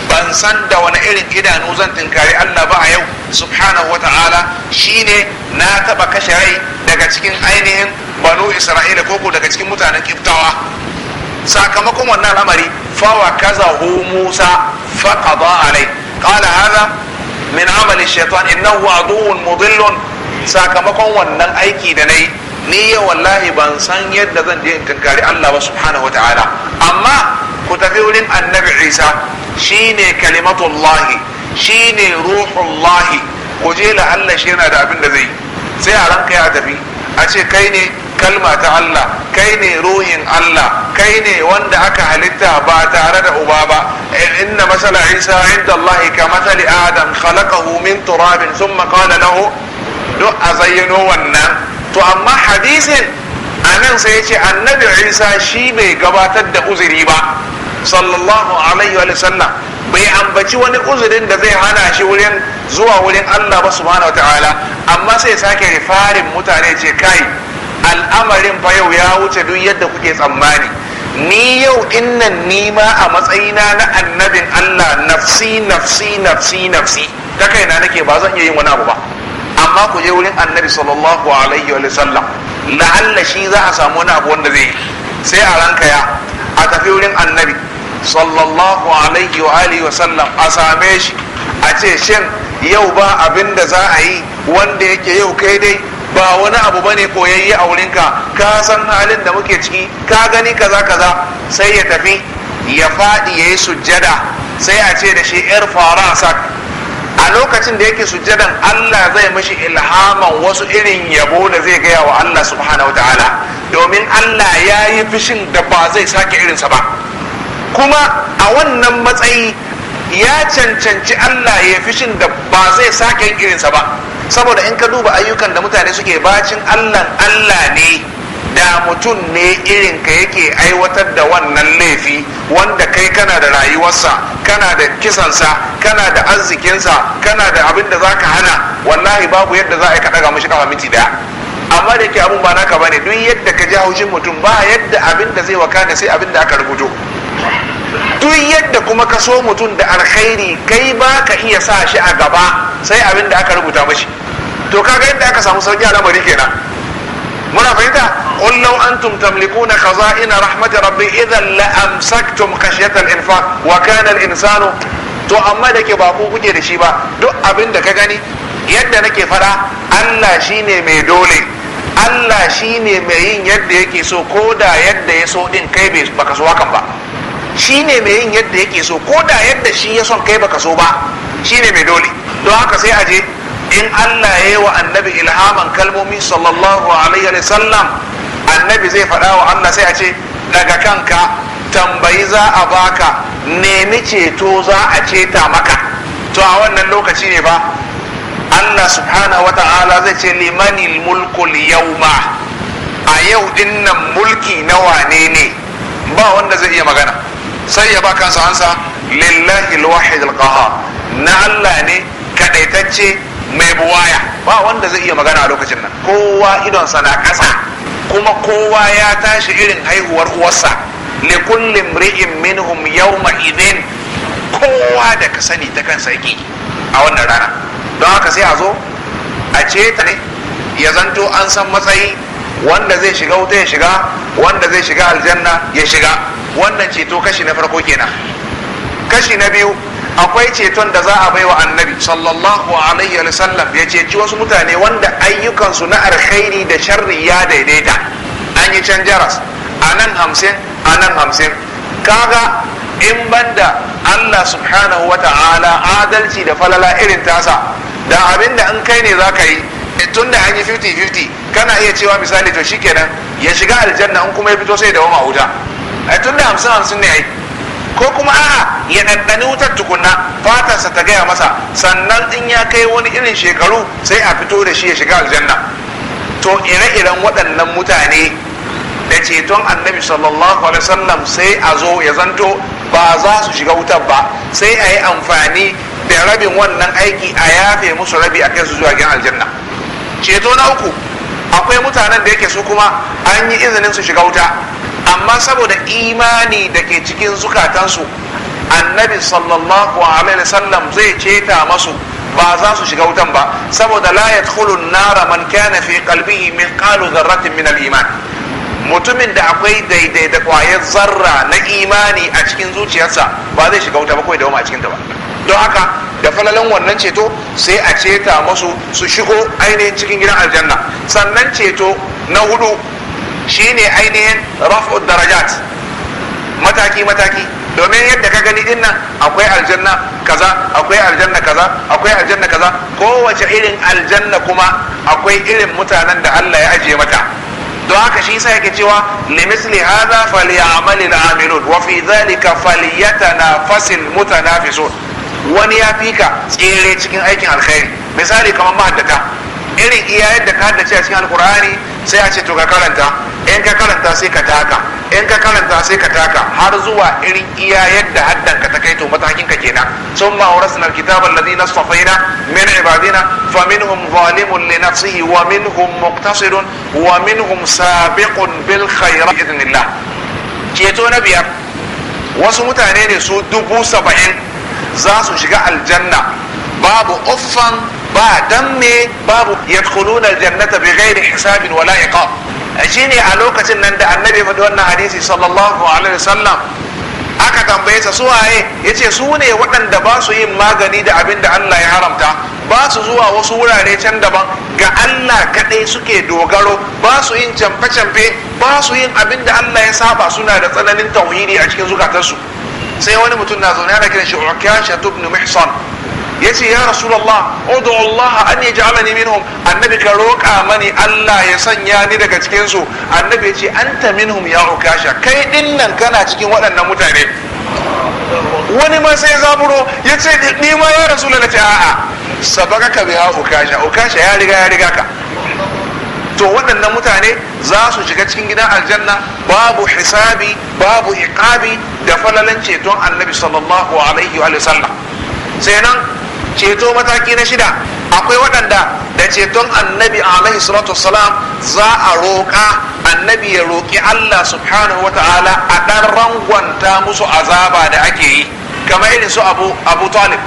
ban san da wani irin idanu zan tinkari Allah ba a yau subhanahu wa wata'ala shine na taba kashe rai daga cikin ainihin banu isra'ila koko daga cikin mutanen kiftawa sakamakon wannan al'amari fawa kaza hu musa faqada alai qala hadha min amali shaitan innahu aduwwun mudillun sakamakon wannan aiki da na yi. ni ya wallahi ban san yadda zan je in tunkari Allah ba subhanahu ta'ala. amma ku tafi wurin annabi Isa shine kalimatullahi shine ruhullahi ku je la Allah shi yana da abin da zai sai a ranka ya tafi a ce kai ne kalma ta Allah kai ne ruhin Allah kai ne wanda aka halitta ba tare da uba ba eh, inna masala Isa inda Allah ka masali Adam khalaqahu min turabin thumma qala lahu duk a zayyano wannan to amma hadisin a nan sai ya ce annabi isa shi bai gabatar da uzuri ba sallallahu alaihi wa sallam bai ambaci wani uzurin da zai hana shi wurin zuwa wurin allah ba subhanahu wa ta'ala amma sai sake rifarin mutane ce kai al'amarin fa yau ya wuce duk yadda kuke tsammani ni yau innan nima a matsayina na annabin allah nafsi nafsi nafsi nafsi ta kaina nake ba zan iya yin wani abu ba amma ku je wurin annabi sallallahu alaihi wa sallam la'alla shi za a samu wani abu wanda zai sai a ranka ya a tafi wurin annabi sallallahu alaihi wa alihi wa sallam a same shi a ce shin yau ba abin da za a yi wanda yake yau kai dai ba wani abu bane koyayye a wurin ka ka san halin da muke ciki ka gani kaza kaza sai ya tafi ya fadi yayi sujjada sai a ce da shi yar farasak a lokacin da yake sujjadan Allah zai mishi ilhaman wasu irin yabo da zai gaya wa Allah subhanahu ta'ala domin Allah ya yi fishin da ba zai sake irinsa ba kuma a wannan matsayi ya cancanci Allah ya fishin da ba zai sake irinsa ba saboda in ka duba ayyukan da mutane suke bacin Allah Allah ne da mutum ne irin ka yake aiwatar da wannan laifi wanda kai kana da rayuwarsa kana da kisansa kana da arzikinsa kana da abin da za ka hana wallahi babu yadda za a yi kaɗaga mashi ƙafa miti da amma da yake abin ba naka ba ne duk yadda ka ji haushin mutum ba yadda abin da zai wakana sai abin da aka rubuto duk yadda kuma ka so mutum da alkhairi kai ba ka iya sa shi a gaba sai abin da aka rubuta mashi to kaga yadda aka samu sauki a lamari kenan law antum tamlikuna khaza'ina rahmat rabbi idan la amsaktum khashyat al-infaq wa kana al-insanu to amma da ke ba ku kuke da shi ba duk abin da ka gani yadda nake fada Allah shi ne mai dole Allah shi ne mai yin yadda yake so ko da yadda ya so din kai bai baka so hakan ba Shi ne mai yin yadda yake so ko da yadda shi ya son kai baka so ba shi ne mai dole don haka sai a je in Allah ya yi wa annabi ilhaman kalmomi sallallahu alaihi wa sallam annabi zai faɗa wa Allah sai a ce daga kanka tambayi za a baka nemi ceto za a ceta maka to a wannan lokaci ne ba Allah subhanahu wa ta'ala zai ce limanil mulkul yauma a yau dinnan mulki na wane ne ba wanda zai iya magana sai ya ba kansa ansa lillahi alwahid alqahar na Allah ne kadaitacce mai buwaya ba wanda zai iya magana a lokacin nan kowa idon sa na kasa kuma kowa ya tashi irin haihuwar uwarsa li kullum minhum yawma idin kowa da ka sani ta kan sarki. a wannan rana don haka sai a zo a ce ta ne ya zanto an san matsayi wanda zai shiga wuta ya shiga wanda zai shiga aljanna ya shiga wannan ceto kashi na farko kenan kashi na biyu akwai ceton da za a bai wa annabi sallallahu alaihi wa sallam ya ceci wasu mutane wanda ayyukansu na alkhairi da sharri ya daidaita an yi can jaras a nan hamsin a nan hamsin kaga in banda Allah subhanahu wa ta'ala adalci da falala irin tasa da abinda in kai ne za ka yi eh, tun da an yi 50-50 kana iya cewa misali to shikenan ya shiga aljanna in kuma ya fito sai da wama wuta eh, tun da hamsin hamsin ne ai ko kuma a'a ya ɗanɗani wutar tukunna fatarsa ta gaya masa sannan in ya kai wani irin shekaru sai a fito da shi ya shiga aljanna to ire-iren waɗannan mutane da ceton annabi sallallahu alaihi wasallam sai a zo ya zanto ba za su shiga wutar ba sai a yi amfani da rabin wannan aiki a yafe musu rabi a kai su zuwa gina aljanna ceto na uku akwai mutanen da yake su kuma an yi izinin su shiga wuta amma saboda imani da ke cikin zukatansu annabi sallallahu alaihi wasallam zai ceta masu ba za su shiga wutan ba saboda la yadkhulun nara man kana fi qalbihi mithqalu dharratin min al-iman mutumin da akwai daidai da kwayar zarra na imani a cikin zuciyarsa ba zai shiga wuta ba kawai da a cikin ta ba don haka da falalan wannan ceto sai a ceta masu su shigo ainihin cikin gidan aljanna sannan ceto na hudu shine ainihin raf'u darajat mataki mataki domin yadda ka gani dinnan akwai aljanna kaza akwai aljanna kaza akwai aljanna kaza kowace irin aljanna kuma akwai irin mutanen da Allah ya ajiye mata don haka shi sa yake cewa limisli hadha falyamal al'amilun na fi mutana fi so. wani ya ka tsere cikin aikin alkhairi misali kamar mahaddata irin iya yadda ka haddace a cikin alkur'ani sai a ce to ka karanta in ka karanta sai ka taka in ka karanta sai ka taka har zuwa irin iya yadda haddan ka ta kai to matakin ka kenan sun ma aurasna alkitab alladhina safaina min ibadina faminhum zalimun li nafsihi wa minhum muqtasidun wa minhum sabiqun bil khairat idnillah keto na biyar wasu mutane ne su dubu saba'in za su shiga aljanna babu uffan ba dan me babu yadkhuluna aljannata bighairi hisabin wala iqab shine a lokacin nan da annabi faɗi wannan hadisi sallallahu alaihi wasallam aka tambaye sa waye yace su ne waɗanda ba su yin magani da abin da Allah ya haramta ba su zuwa wasu wurare can daban ga Allah kaɗai suke dogaro ba su yin camfe-camfe ba su yin abin da Allah ya saba suna da tsananin tauhidi a cikin zukatansu sai wani mutum na zaune ana kiran shi Ukasha ibn Mihsan yace ya rasulullah ud'u Allah an yaj'alani minhum annabi ka roƙa mani Allah ya sanya ni daga cikin su annabi yace anta minhum ya ukasha kai ɗinnan kana cikin waɗannan mutane wani ma sai zaburo ya ce ni ma ya rasu na ce a'a sabaka ka biya ukasha ukasha ya riga ya riga ka to waɗannan mutane za su shiga cikin gidan aljanna babu hisabi babu iqabi da falalan ceton annabi sallallahu alaihi wa sallam sai nan ceto mataki na shida akwai waɗanda da ceton annabi alaihi salatu wasalam za a roƙa annabi ya roƙi allah subhanahu wa ta'ala a ɗan rangwanta musu azaba da ake yi kamar irin su abu abu talib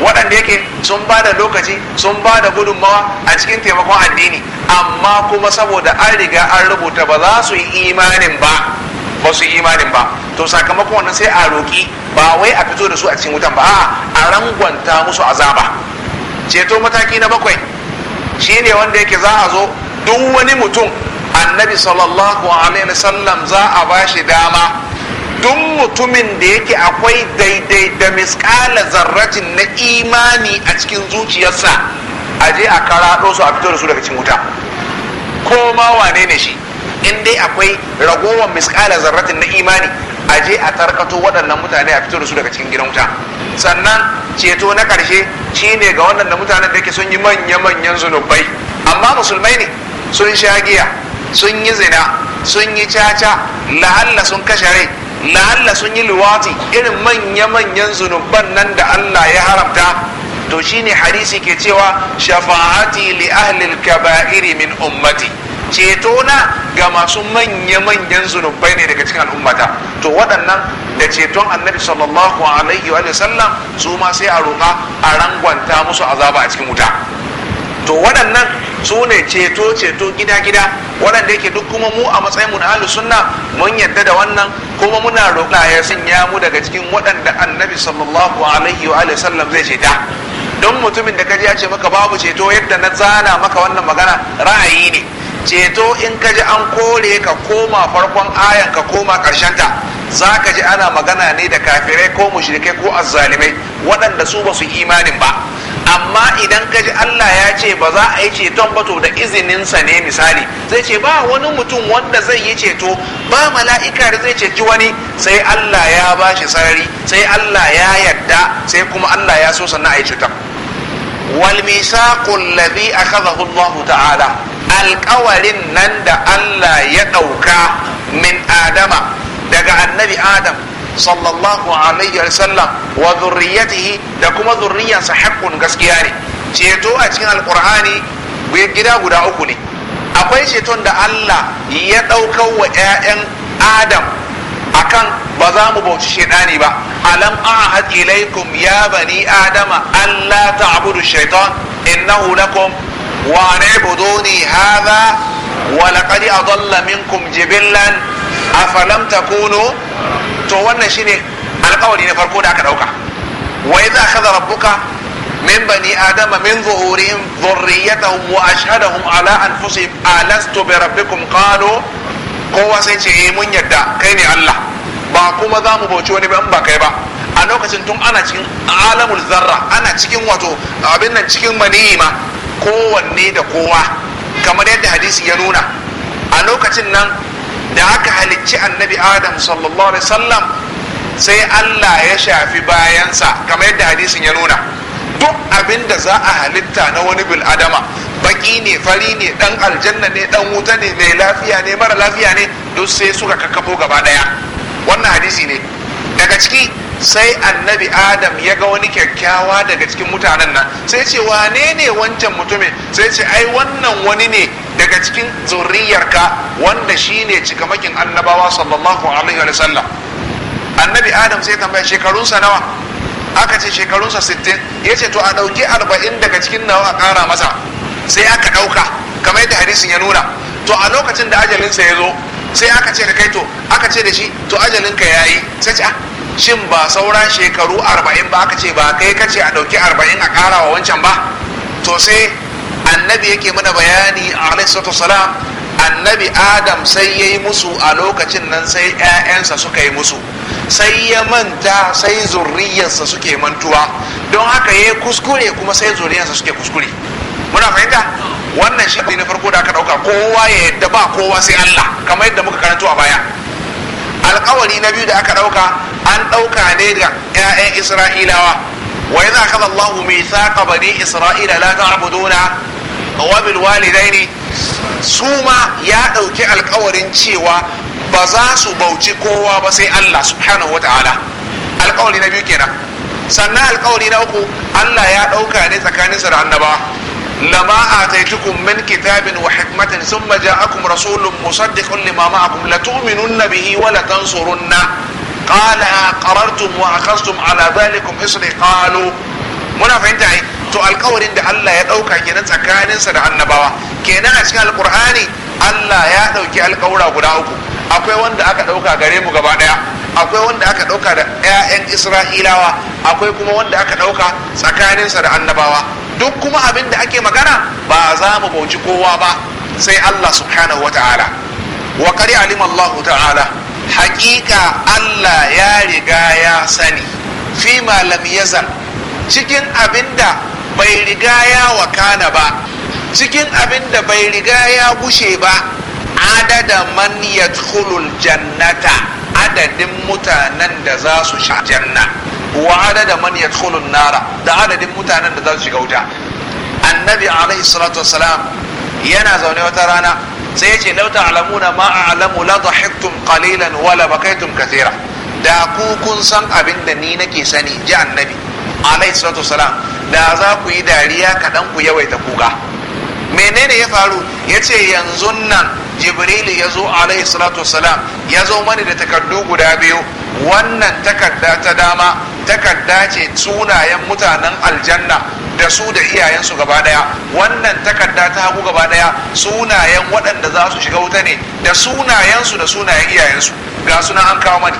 waɗanda yake sun ba da lokaci sun ba da gudunmawa a cikin taimakon addini amma kuma saboda an riga an rubuta ba za su yi imanin ba ba su imanin ba to sakamakon wannan sai a roki ba wai a fito da su a cikin wutan ba a rangwanta musu azaba ceto mataki na bakwai shine wanda yake za a zo duk wani mutum annabi sallallahu alaihi wasallam za a ba shi dama duk mutumin da yake akwai daidai da miskala zarratin na imani a cikin zuciyarsa a je a karaɗo su a fito da su daga cikin wuta ko ma wane ne shi in dai akwai ragowar miskala zarratin na imani a je a tarkato waɗannan mutane a fito da su daga cikin gidan wuta sannan ceto na ƙarshe shi ne ga wannan da mutanen da ke sun yi manya-manyan zunubai amma musulmai ne sun sha giya sun yi zina sun yi caca la'alla sun kashe rai la'alla sun yi luwati irin manya-manyan zunuban nan da Allah ya haramta to shine hadisi ke cewa shafa'ati li ahlil kaba'iri min ummati ceto na ga masu manya-manyan zunubai ne daga cikin al'ummata to waɗannan da ceton annabi sallallahu alaihi wa sallam su ma sai a roƙa a rangwanta musu azaba a cikin wuta to waɗannan su ne ceto ceto gida gida waɗanda yake duk kuma mu a matsayin mu na ahlus sunna mun yadda da wannan kuma muna roƙa ya sanya mu daga cikin waɗanda annabi sallallahu alaihi wa sallam zai ceta don mutumin da kaji ya ce maka babu ceto yadda na zana maka wannan magana ra'ayi ne ceto in ka ji an kore ka koma farkon ayan ka koma ta za ka ji ana magana ne da kafirai ko mushrikai ko azzalimai waɗanda su ba su imanin ba amma idan ka ji Allah ya ce ba za a yi ceton ba to da izininsa ne misali zai ce ba wani mutum wanda zai yi ceto ba mala'ika da zai ceci wani sai Allah ya ba shi sarari sai Allah ya yarda sai kuma Allah ya so sannan a yi ceton wal misaqul ladhi akhadahu Allah ta'ala alƙawarin nan da Allah ya ɗauka min adama daga annabi adam sallallahu alaihi wasallam wa zurriyatihi da kuma zurriyarsa haƙƙun gaskiya ne ceto a cikin alƙur'ani gida guda uku ne akwai ceton da Allah ya ɗaukar wa 'ya'yan adam akan ba za mu bauci shaidani ba alam ahad ilaikum ya bani adama alla ta'budu shaitan innahu lakum wa an'buduni hadha wa laqad adalla minkum jibillan afalam takunu to wannan shine alƙawari na farko da aka dauka wa idza akhadha rabbuka من بني آدم من ظهورهم ذريتهم وأشهدهم على أنفسهم ألست بربكم قالوا kowa sai ce eh mun yarda kai ne Allah ba kuma za mu bauci wani ba ba kai ba a lokacin tun ana cikin alamul zarra ana cikin wato abin nan cikin maniyi ma kowanne da kowa kamar yadda hadisi ya nuna a lokacin nan da aka halicci annabi adam sallallahu alaihi sallam, sai Allah ya shafi bayansa kamar yadda hadisin ya nuna duk abin da za a halitta na wani bil'adama adama baki ne fari ne dan aljanna ne dan wuta ne mai lafiya ne mara lafiya ne duk sai suka kakkafo gaba daya wannan hadisi ne daga ciki sai annabi adam ya ga wani kyakkyawa daga cikin mutanen nan sai ce wane ne wancan mutumin sai ce ai wannan wani ne daga cikin zurriyarka wanda shine cikamakin annabawa sallallahu alaihi wa sallam annabi adam sai tambaya shekarunsa nawa aka ce shekarunsa 60 ya ce to a ɗauki 40 daga cikin nawa a ƙara masa sai aka ɗauka kamar yadda hadisin ya nuna to a lokacin da ajalinsa ya zo sai aka ce da kai to aka ce da shi to ajalinka ya yi sai ce ah, shin ba saura shekaru 40 ba aka ce ba kai ka ce a ɗauki 40 a ƙara wa wancan ba to sai annabi yake mana bayani alaihi salam annabi adam sai ya yi musu a lokacin nan sai 'ya'yansa suka yi musu sai ya manta sai zurriyarsa suke mantuwa don haka ya kuskure kuma sai zurriyarsa suke kuskure muna fahimta wannan shi na farko da aka dauka kowa ya yadda ba kowa sai Allah kamar yadda muka karanto a baya alkawari na biyu da aka dauka an dauka ne ga 'ya'yan isra'ilawa wa idza akhadha Allahu mithaqa bani isra'ila la ta'buduna wa bil walidaini su ma ya dauki alkawarin cewa ba za su bauci kowa ba sai Allah subhanahu wataala alƙawari na biyu kenan sannan alƙawari na uku Allah ya ɗauka ne tsakaninsa da annaba لما آتيتكم من كتاب وحكمة ثم جاءكم رسول مصدق لما معكم لتؤمنن به ولتنصرنه قال أقررتم وأخذتم على ذلكم إصري قالوا muna fahimta ai to alkawarin da Allah ya ɗauka gida tsakaninsa da annabawa kenan a cikin alkur'ani Allah ya ɗauki alkawura guda uku akwai wanda aka ɗauka gare mu gaba ɗaya akwai wanda aka ɗauka da 'ya'yan isra'ilawa akwai kuma wanda aka ɗauka tsakaninsa da annabawa duk kuma abin da ake magana ba za mu bauci kowa ba sai allah subhanahu wa ta'ala wa kari alim allah ta'ala haƙiƙa allah ya riga ya sani fi malam yazal cikin abin da bai riga ya wakana ba cikin abin da bai riga ya gushe ba adada man yadkhulul jannata adadin mutanen da za su sha janna wa adada man yadkhulun nara da adadin mutanen da za su shiga wuta annabi alaihi salatu wasalam yana zaune wata rana sai ya ce lau ta'lamuna ma a'lamu la dhahiktum qalilan wa la bakaytum kathira da ku kun san abin da ni nake sani ji annabi alaihi salatu wasalam da za ku yi dariya kaɗan ku yawaita kuka menene ya faru ya ce yanzu nan jibrilu ya zo alaihi salatu wasalam ya zo mani da takardu guda biyu wannan takarda ta dama takarda ce sunayen mutanen aljanna da su da iyayensu gaba daya wannan takarda ta hagu gaba daya sunayen waɗanda za su shiga wuta ne da sunayensu da sunayen iyayensu ga suna an kawo mani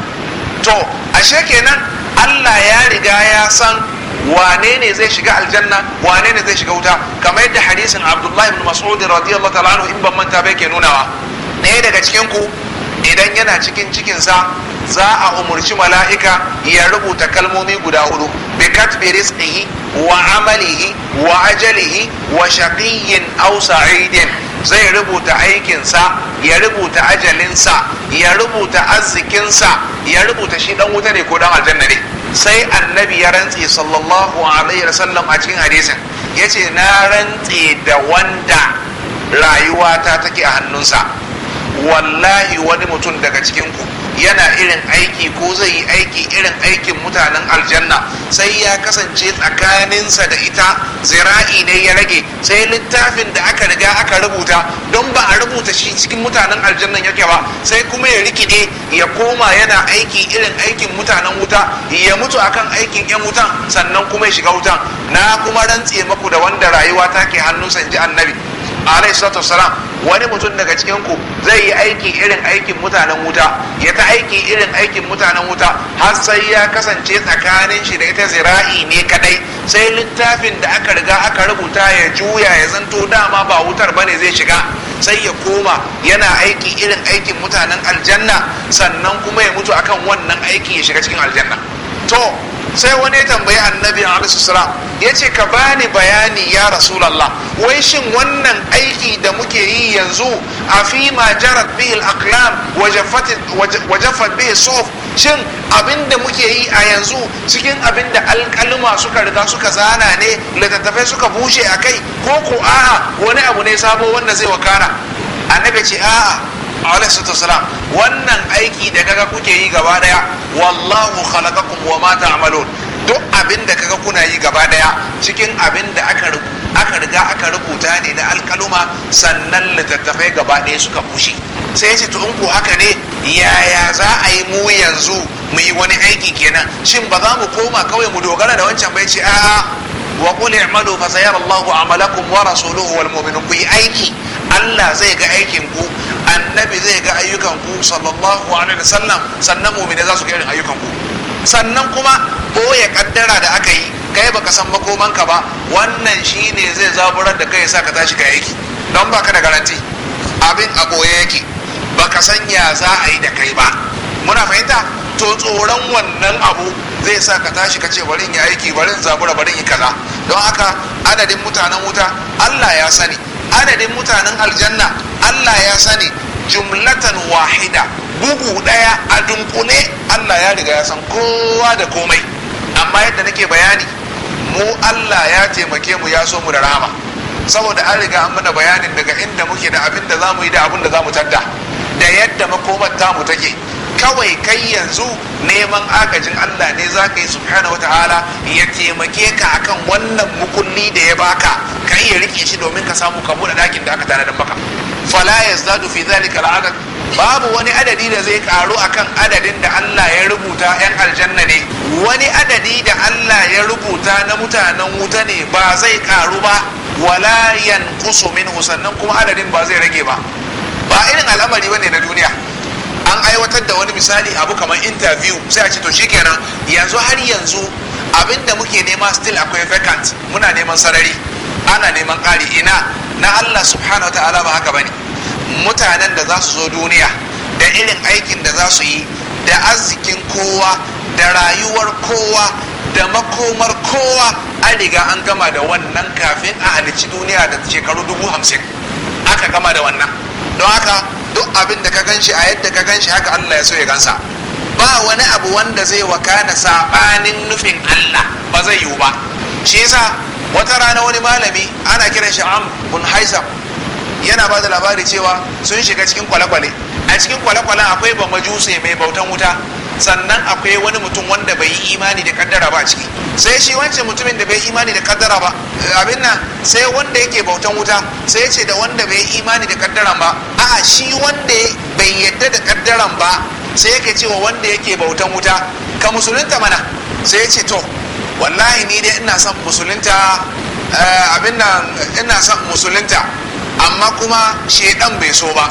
to ashe kenan allah ya riga ya san wane ne zai shiga aljanna wane ne zai shiga wuta kamar yadda hadisin abdullahi ibn mas'ud radiyallahu ta'ala anhu in ban manta ba yake nunawa ɗaya daga cikin ku idan yana cikin cikinsa za a umurci mala'ika ya rubuta kalmomi guda hudu bi katbi rizqihi wa amalihi wa ajalihi wa shaqiyyin aw sa'idin zai rubuta aikinsa ya rubuta ajalinsa ya rubuta arzikinsa ya rubuta shi dan wuta ne ko dan aljanna ne sai annabi ya rantse sallallahu alaihi wasallam a cikin hadisin ya ce na rantse da wanda rayuwata take a hannunsa wallahi wani mutum daga cikin ku yana irin aiki ko zai yi aiki irin aikin mutanen aljanna sai ya kasance tsakaninsa da ita zira'i ne ya rage sai littafin da aka riga aka rubuta don ba a rubuta shi cikin mutanen aljannan yake ba sai kuma ya rikide ya koma yana aiki irin aikin mutanen wuta ya mutu akan aikin yan wutan sannan kuma ya shiga wutan na kuma rantse maku da wanda rayuwa take hannunsa in ji annabi alaihissalatu wassalam wani mutum daga cikin ku zai yi aiki irin aikin mutanen wuta ya ta aiki irin aikin mutanen wuta har sai ya kasance tsakanin shi da ita zira'i ne kadai sai littafin da aka riga aka rubuta ya juya ya zanto dama ba wutar bane zai shiga sai ya koma yana aiki irin aikin mutanen aljanna sannan kuma ya mutu akan wannan aiki ya shiga cikin aljanna to sai wani tambayi annabi alaihi salam ya ce ka bani bayani ya rasulallah wai shin wannan aiki da muke yi yanzu a fi ma jarat bihi al-aqlam wa jaffat bihi suf shin abinda muke yi a yanzu cikin abinda alƙaluma suka riga suka zana ne littattafai suka bushe a kai ko ko a'a wani abu ne sabo wanda zai wakana annabi ce a'a alaihi wannan aiki da kaga kuke yi gaba daya wallahu khalaqakum wa ma ta'malun duk abin da kaga kuna yi gaba daya cikin abin da aka aka riga aka rubuta ne na alkaluma sannan littattafai gaba ɗaya suka bushe sai ya ce to in ku haka ne yaya za a yi mu yanzu mu yi wani aiki kenan shin ba za mu koma kawai mu dogara da wancan bai ce a wa qul i'malu fa sayara Allahu amalakum wa rasuluhu wal mu'minun ku yi aiki Allah zai ga aikin ku annabi zai ga ayyukan ku sallallahu alaihi wasallam sannan mu'mini za su ga irin ayyukan ku sannan kuma boye kaddara da aka yi kai baka san makoman ka ba wannan shine zai zaburar da kai ya sa ka tashi ka aiki don baka da garanti abin a boye yake baka san ya za a yi da kai ba muna fahimta to tsoron wannan abu zai sa ka tashi ka ce barin ya aiki barin zabura barin yi kaza don haka adadin mutanen wuta Allah ya sani adadin mutanen aljanna Allah ya sani jumlatan wahida bugu daya a dunkule Allah ya riga ya san kowa da komai amma yadda nake bayani mu Allah ya taimake mu ya so mu da rama saboda an riga an mana bayanin daga inda muke da abin da zamu yi da abin da zamu tadda da yadda makomar tamu take kawai kai yanzu neman agajin Allah ne za ka yi subhanahu wa ta'ala ya taimake ka akan wannan mukunni da ya baka ka iya rike shi domin ka samu ka buɗe dakin da aka tanadar maka fala yazdadu fi dhalika al'adad babu wani adadi da zai karu akan adadin da Allah ya rubuta yan aljanna ne wani adadi da Allah ya rubuta na mutanen wuta ne ba zai karu ba wala yanqusu minhu sannan kuma adadin ba zai rage ba ba irin al'amari ne na duniya an aiwatar da wani misali abu kamar interview sai a ce to shi shikenan yanzu har yanzu abinda muke nema still akwai vacant muna neman sarari ana neman ƙari ina na Allah subhanahu ta'ala ba haka bane mutanen da za su zo duniya da irin aikin da za su yi da arzikin kowa da rayuwar kowa da makomar kowa an riga an gama da wannan kafin a halicci duniya da shekaru dubu hamsin aka gama da wannan don haka duk abin da ka shi a yadda ka gan shi haka Allah ya so ya gansa ba wani abu wanda zai wakana sabanin nufin Allah ba zai yiwu ba shi yasa wata rana wani malami ana kiran shi am bin haisam yana ba da labari cewa sun shiga cikin kwale-kwale a cikin kwale-kwalen akwai ba majuse mai bautan wuta sannan akwai wani mutum wanda bai yi imani da kaddara ba a ciki sai shi wancan mutumin da bai yi imani da kaddara ba abin nan sai wanda yake bautan wuta sai ce da wanda bai yi imani da kaddara ba a'a shi wanda bai yadda da kaddaran ba sai yake cewa wanda yake bautan wuta ka musulunta mana sai ce to wallahi ni dai ina son musulunta eh, abin nan ina son musulunta amma kuma shedan bai so ba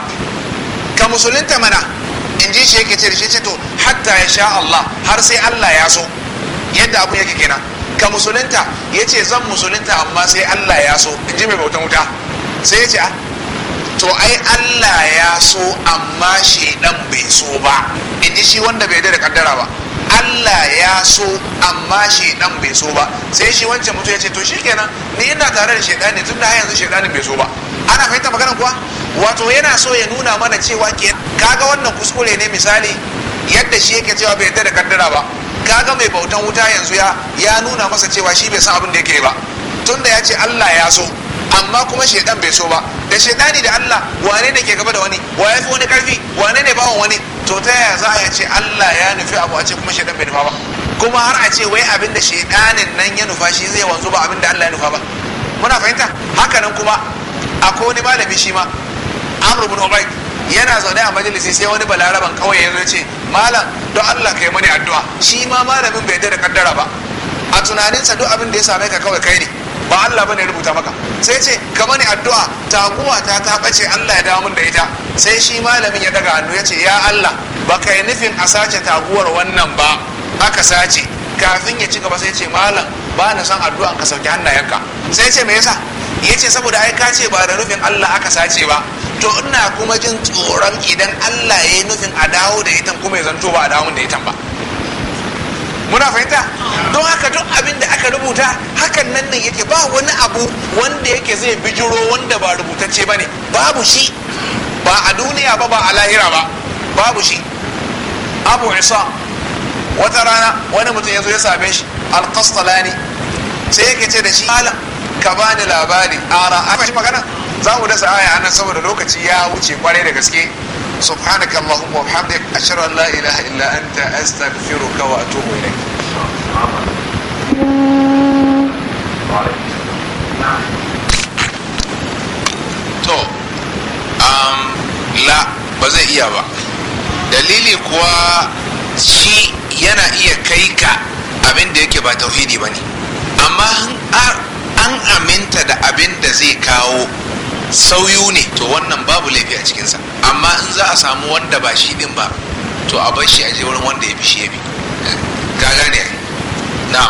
ka musulunta mana in ji shi yake ce da shi ce to hatta ya sha Allah har sai Allah ya so yadda abu yake kenan ka musulunta ya ce zan musulunta amma sai Allah ya so in ji mai bautan wuta sai ya ce a ah, to ai Allah ya so amma shi dan bai so ba in ji shi wanda bai da kaddara ba Allah ya so amma shaidan bai so ba sai shi wancan mutum ya ce to shi kenan ni ina tare da shaidan ne tunda har yanzu shaidanin bai so ba ana fahimta magana kuwa wato yana so ya nuna mana cewa ke kaga wannan kuskure ne misali yadda shi yake cewa bai yadda da kaddara ba kaga mai bautan wuta yanzu ya ya nuna masa cewa shi bai san abin da yake ba tunda ya ce Allah ya so amma kuma shaidan bai so ba da shaidani da Allah wane ne ke gaba da wani wa ya fi wani karfi wane ne bawa wani to ta yaya za a ce Allah ya nufi abu a ce kuma shaidan bai nufa ba kuma har a ce wai abin da shaidanin nan ya nufa shi zai wanzu ba abin da Allah ya nufa ba muna fahimta hakanan kuma akwai wani malami shi ma amru bin Ubayd yana zaune a majalisi sai wani balaraban kawai ya ce malam don Allah ka kai mani addu'a shi ma malamin bai da kaddara ba a tunaninsa duk abin da ya same ka kawai kai ne ba Allah bane rubuta maka sai ce ka bani addu'a taguwa ta ta bace Allah ya dawo mun da ita sai shi malamin ya daga hannu ya ce ya Allah ba kai nufin a sace taguwar wannan ba aka sace kafin ya ci gaba sai ce malam ba na san addu'an ka sauke hannayenka sai ce me yasa ya ce saboda ai ka ce ba da nufin Allah aka sace ba to ina kuma jin tsoron idan Allah ya yi nufin a dawo da ita kuma ya zanto ba a dawo da ita ba muna fahimta don haka duk abin da aka rubuta hakan nan ne yake ba wani abu wanda yake zai bijiro wanda ba rubutacce ba ne babu shi ba a duniya ba ba a lahira ba babu shi abu isa wata rana wani mutum ya zo ya same shi alkastalani sai yake ce da shi ka bani labari a ra'a magana za mu dasa aya anan saboda lokaci ya wuce kwarai da gaske سبحانك اللهم وبحمدك أشهد أن لا إله إلا أنت أستغفرك وأتوب إليك to um, la ba zai iya ba dalili kuwa shi yana iya kai ka abin da yake ba tauhidi ba ne amma an aminta da abin da zai kawo sauyu ne to wannan babu laifi a cikinsa amma in za a samu wanda ba shi din ba to a bar shi a je wurin wanda ya fi shi ya bi ka gane Na,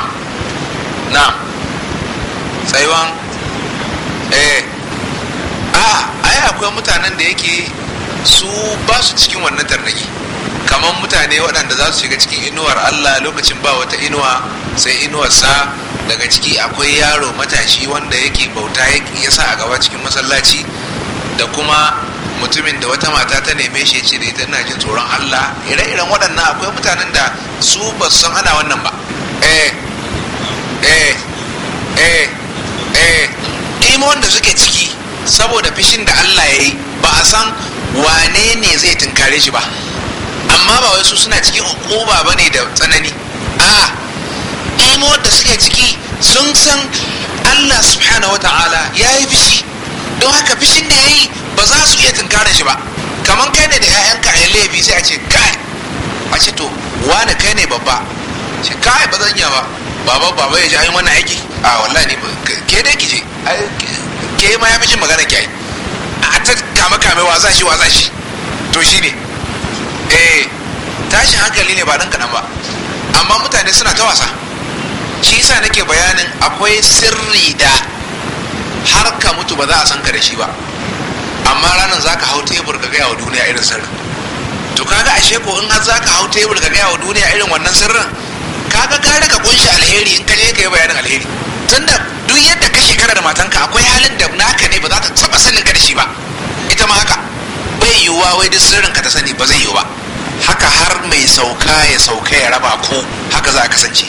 na tsaiwan eh a ah, ai akwai mutanen da yake su ba su cikin wannan tarnaki kamar mutane waɗanda za su shiga cikin inuwar allah lokacin ba wata inuwa sai inuwarsa daga ciki akwai yaro matashi wanda yake bauta ya sa a gaba cikin masallaci da kuma mutumin da wata mata ta neme shi ce da ita na jin tsoron Allah ire-iren waɗannan akwai mutanen da su ba su san ana wannan ba eh eh eh eh imon da suke ciki saboda fishin da Allah ya yi ba a san wane ne zai tunkare shi ba amma ba wai su suna cikin hukuma ba ne da tsanani Kuma wadda suke ciki sun san allah subhanahu wa ta'ala ya yi fishi don haka fishin da ya yi ba za su iya tunkarar shi ba kamar kai ne da 'ya'yanka a laifi sai a ce kai a ce to wani kai ne babba ce kai ba zan iya ba baba baba ya ji an wannan aiki a wallahi ne ke dai ki ce ke ma ya fishin magana ki a ta kama kame waza shi waza shi to shi ne eh tashin hankali ne ba dan kaɗan ba amma mutane suna ta wasa shi yasa nake bayanin akwai sirri da har ka mutu ba za a san ka da shi ba amma ranar za ka hau tebur ka gaya wa duniya irin sirrin to kaga ashe ko in har za ka hau tebur ka gaya wa duniya irin wannan sirrin kaga ka ka kunshi alheri in ka je ka yi bayanin alheri tunda duk yadda ka shekara da matanka akwai halin da naka ne ba za ta taba sanin ka da shi ba ita ma haka bai yiwuwa wai duk sirrin ka ta sani ba zai yiwu ba haka har mai sauka ya sauka ya raba ko haka za a kasance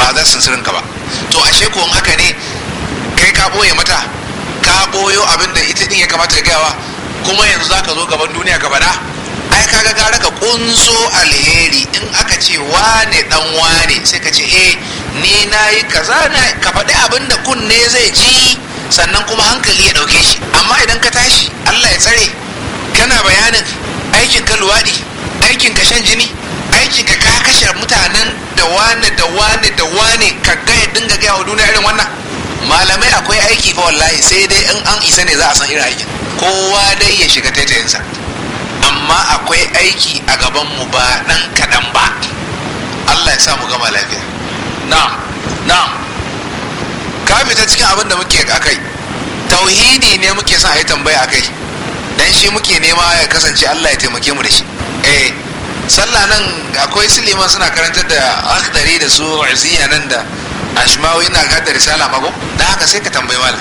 ba za su sirrin ka ba to ashe ko haka ne kai ka boye mata ka boyo abin da ita din ya kamata ka gayawa kuma yanzu za ka zo gaban duniya ka bana. ai kaga gara ka kunso alheri in aka ce wane dan wane sai ka ce eh ni nayi kaza na ka faɗi abin da kunne zai ji sannan kuma hankali ya ɗauke shi amma idan ka tashi allah ya tsare kana bayanin aikin ka luwaɗi aikin ka shan jini aikin ka ka kashe mutanen da wane da wane da wane ka gaya dinga gaya wa duniya irin wannan malamai akwai aiki fa wallahi sai dai in an isa ne za a san irin aikin kowa dai ya shiga taitayinsa amma akwai aiki a gaban mu ba dan kaɗan ba Allah ya sa mu gama lafiya na'am na'am ka fita cikin abin da muke akai tauhidi ne muke son a yi tambaya akai dan shi muke nema ya kasance Allah ya taimake mu da shi eh sallah nan akwai suleiman suna karantar da akhdari da su iziya nan da ashmawi ina ga da risala mago dan haka sai ka tambayi malam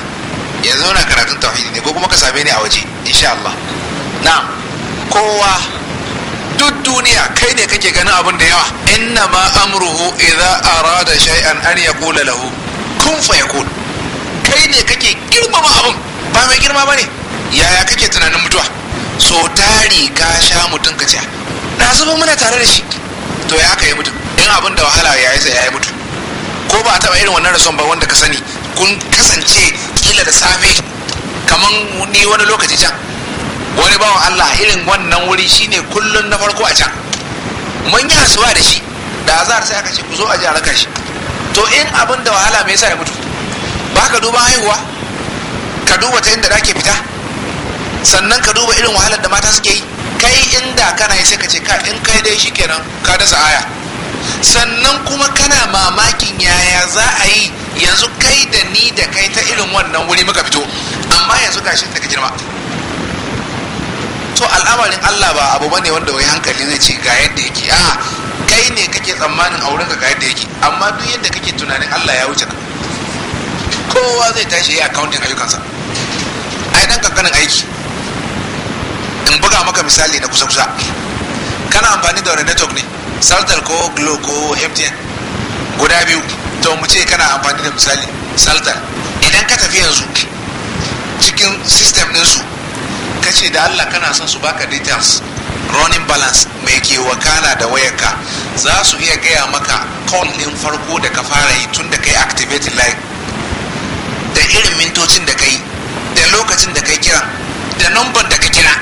yanzu ana karatun tauhidi ne ko kuma ka same ni a waje insha Allah na'am kowa duk duniya kai ne kake ganin abin da yawa inna ma amruhu idza arada shay'an an yaqula lahu kun fayakun kai ne kake girmama abin ba mai girma bane yaya kake tunanin mutuwa so tari ka sha mutum ka ce ɗazu ba muna tare da shi to ya aka yi mutu in abin da wahala ya yi ya yi mutu ko ba a taɓa irin wannan rason ba wanda ka sani kun kasance kila da safe kaman ni wani lokaci can wani bawa Allah irin wannan wuri shine kullun na farko a can mun yi hasuwa da shi da azar sai aka ce ku zo a a shi to in abin da wahala me yasa ya mutu ba ka duba haihuwa ka duba ta inda da ke fita sannan ka duba irin wahalar da mata suke yi kai inda kana yi sai ka ce in kai dai shi kenan ka dasa aya sannan kuma kana mamakin yaya za a yi yanzu kai da ni da kai ta irin wannan wuri muka fito amma yanzu gashi daga girma to al'amarin Allah ba abu bane wanda wai hankali zai ce ga yadda yake a kai ne kake tsammanin auren ka ga yadda yake amma duk yadda kake tunanin Allah ya wuce kowa zai tashi ya accounting ayyukansa ai dan kankanin aiki in buga maka misali na kusa-kusa kana amfani da wani network ne saltal ko glo ko mtn guda biyu to mu ce kana amfani da misali saltal idan ka tafi yanzu cikin system ɗinsu ka ce da allah kana son su baka details running balance mai ke wakana da wayarka za su iya gaya maka call ɗin farko da ka fara yi tun da yi activating line da irin mintocin da kai da lokacin da kai kira da number da ka kira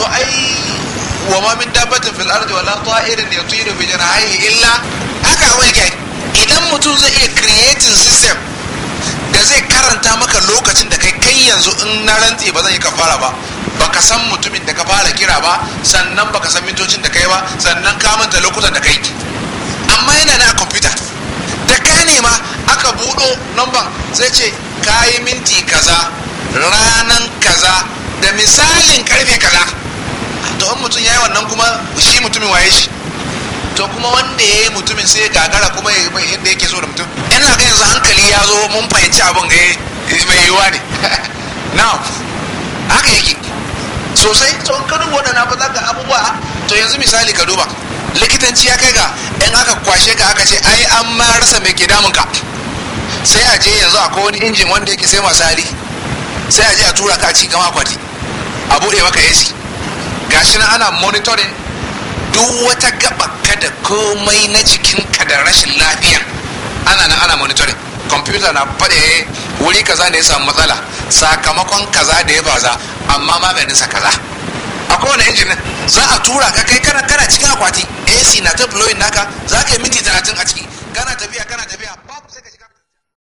to ai wa ma min dabbatin fil ardi wala ta'irin yatiru bi janahihi illa haka wai yake idan mutum zai iya creating system da zai karanta maka lokacin da kai kai yanzu in na rantse ba zan yi kafara ba baka san mutumin da ka fara kira ba sannan baka san mintocin da kai ba sannan ka manta lokutan da kai amma yana na computer da ka nema aka buɗo number sai ce kayi minti kaza ranan kaza da misalin karfe kaza to in mutum ya yi wannan kuma shi mutumin waye shi to kuma wanda ya yi mutumin sai gagara kuma ya yi yadda yake so da mutum Yana ga yanzu hankali ya zo mun fahimci abin ga mai yiwuwa ne *laughs* now haka yake sosai to in ka duba waɗannan ba za ka abubuwa to yanzu misali ka duba likitanci ya kai ga in aka kwashe ka aka ce ai an ma rasa mai ke damun ka sai a je yanzu akwai wani injin wanda yake sai masu hali sai a je a tura ka a ci gama akwati a buɗe maka ac gashi na ana monitoring duk wata gaba kada komai na jikinka da rashin lafiya ana na ana monitoring kwamfuta na faɗe eh, wuri kaza ne ya samu matsala sakamakon kaza da ya baza amma maganinsa kaza a kowane injinin za a tura ka kai kana kana cikin akwati ac na ta blowing naka za ka yi minti talatin a ciki kana tafiya kana tafiya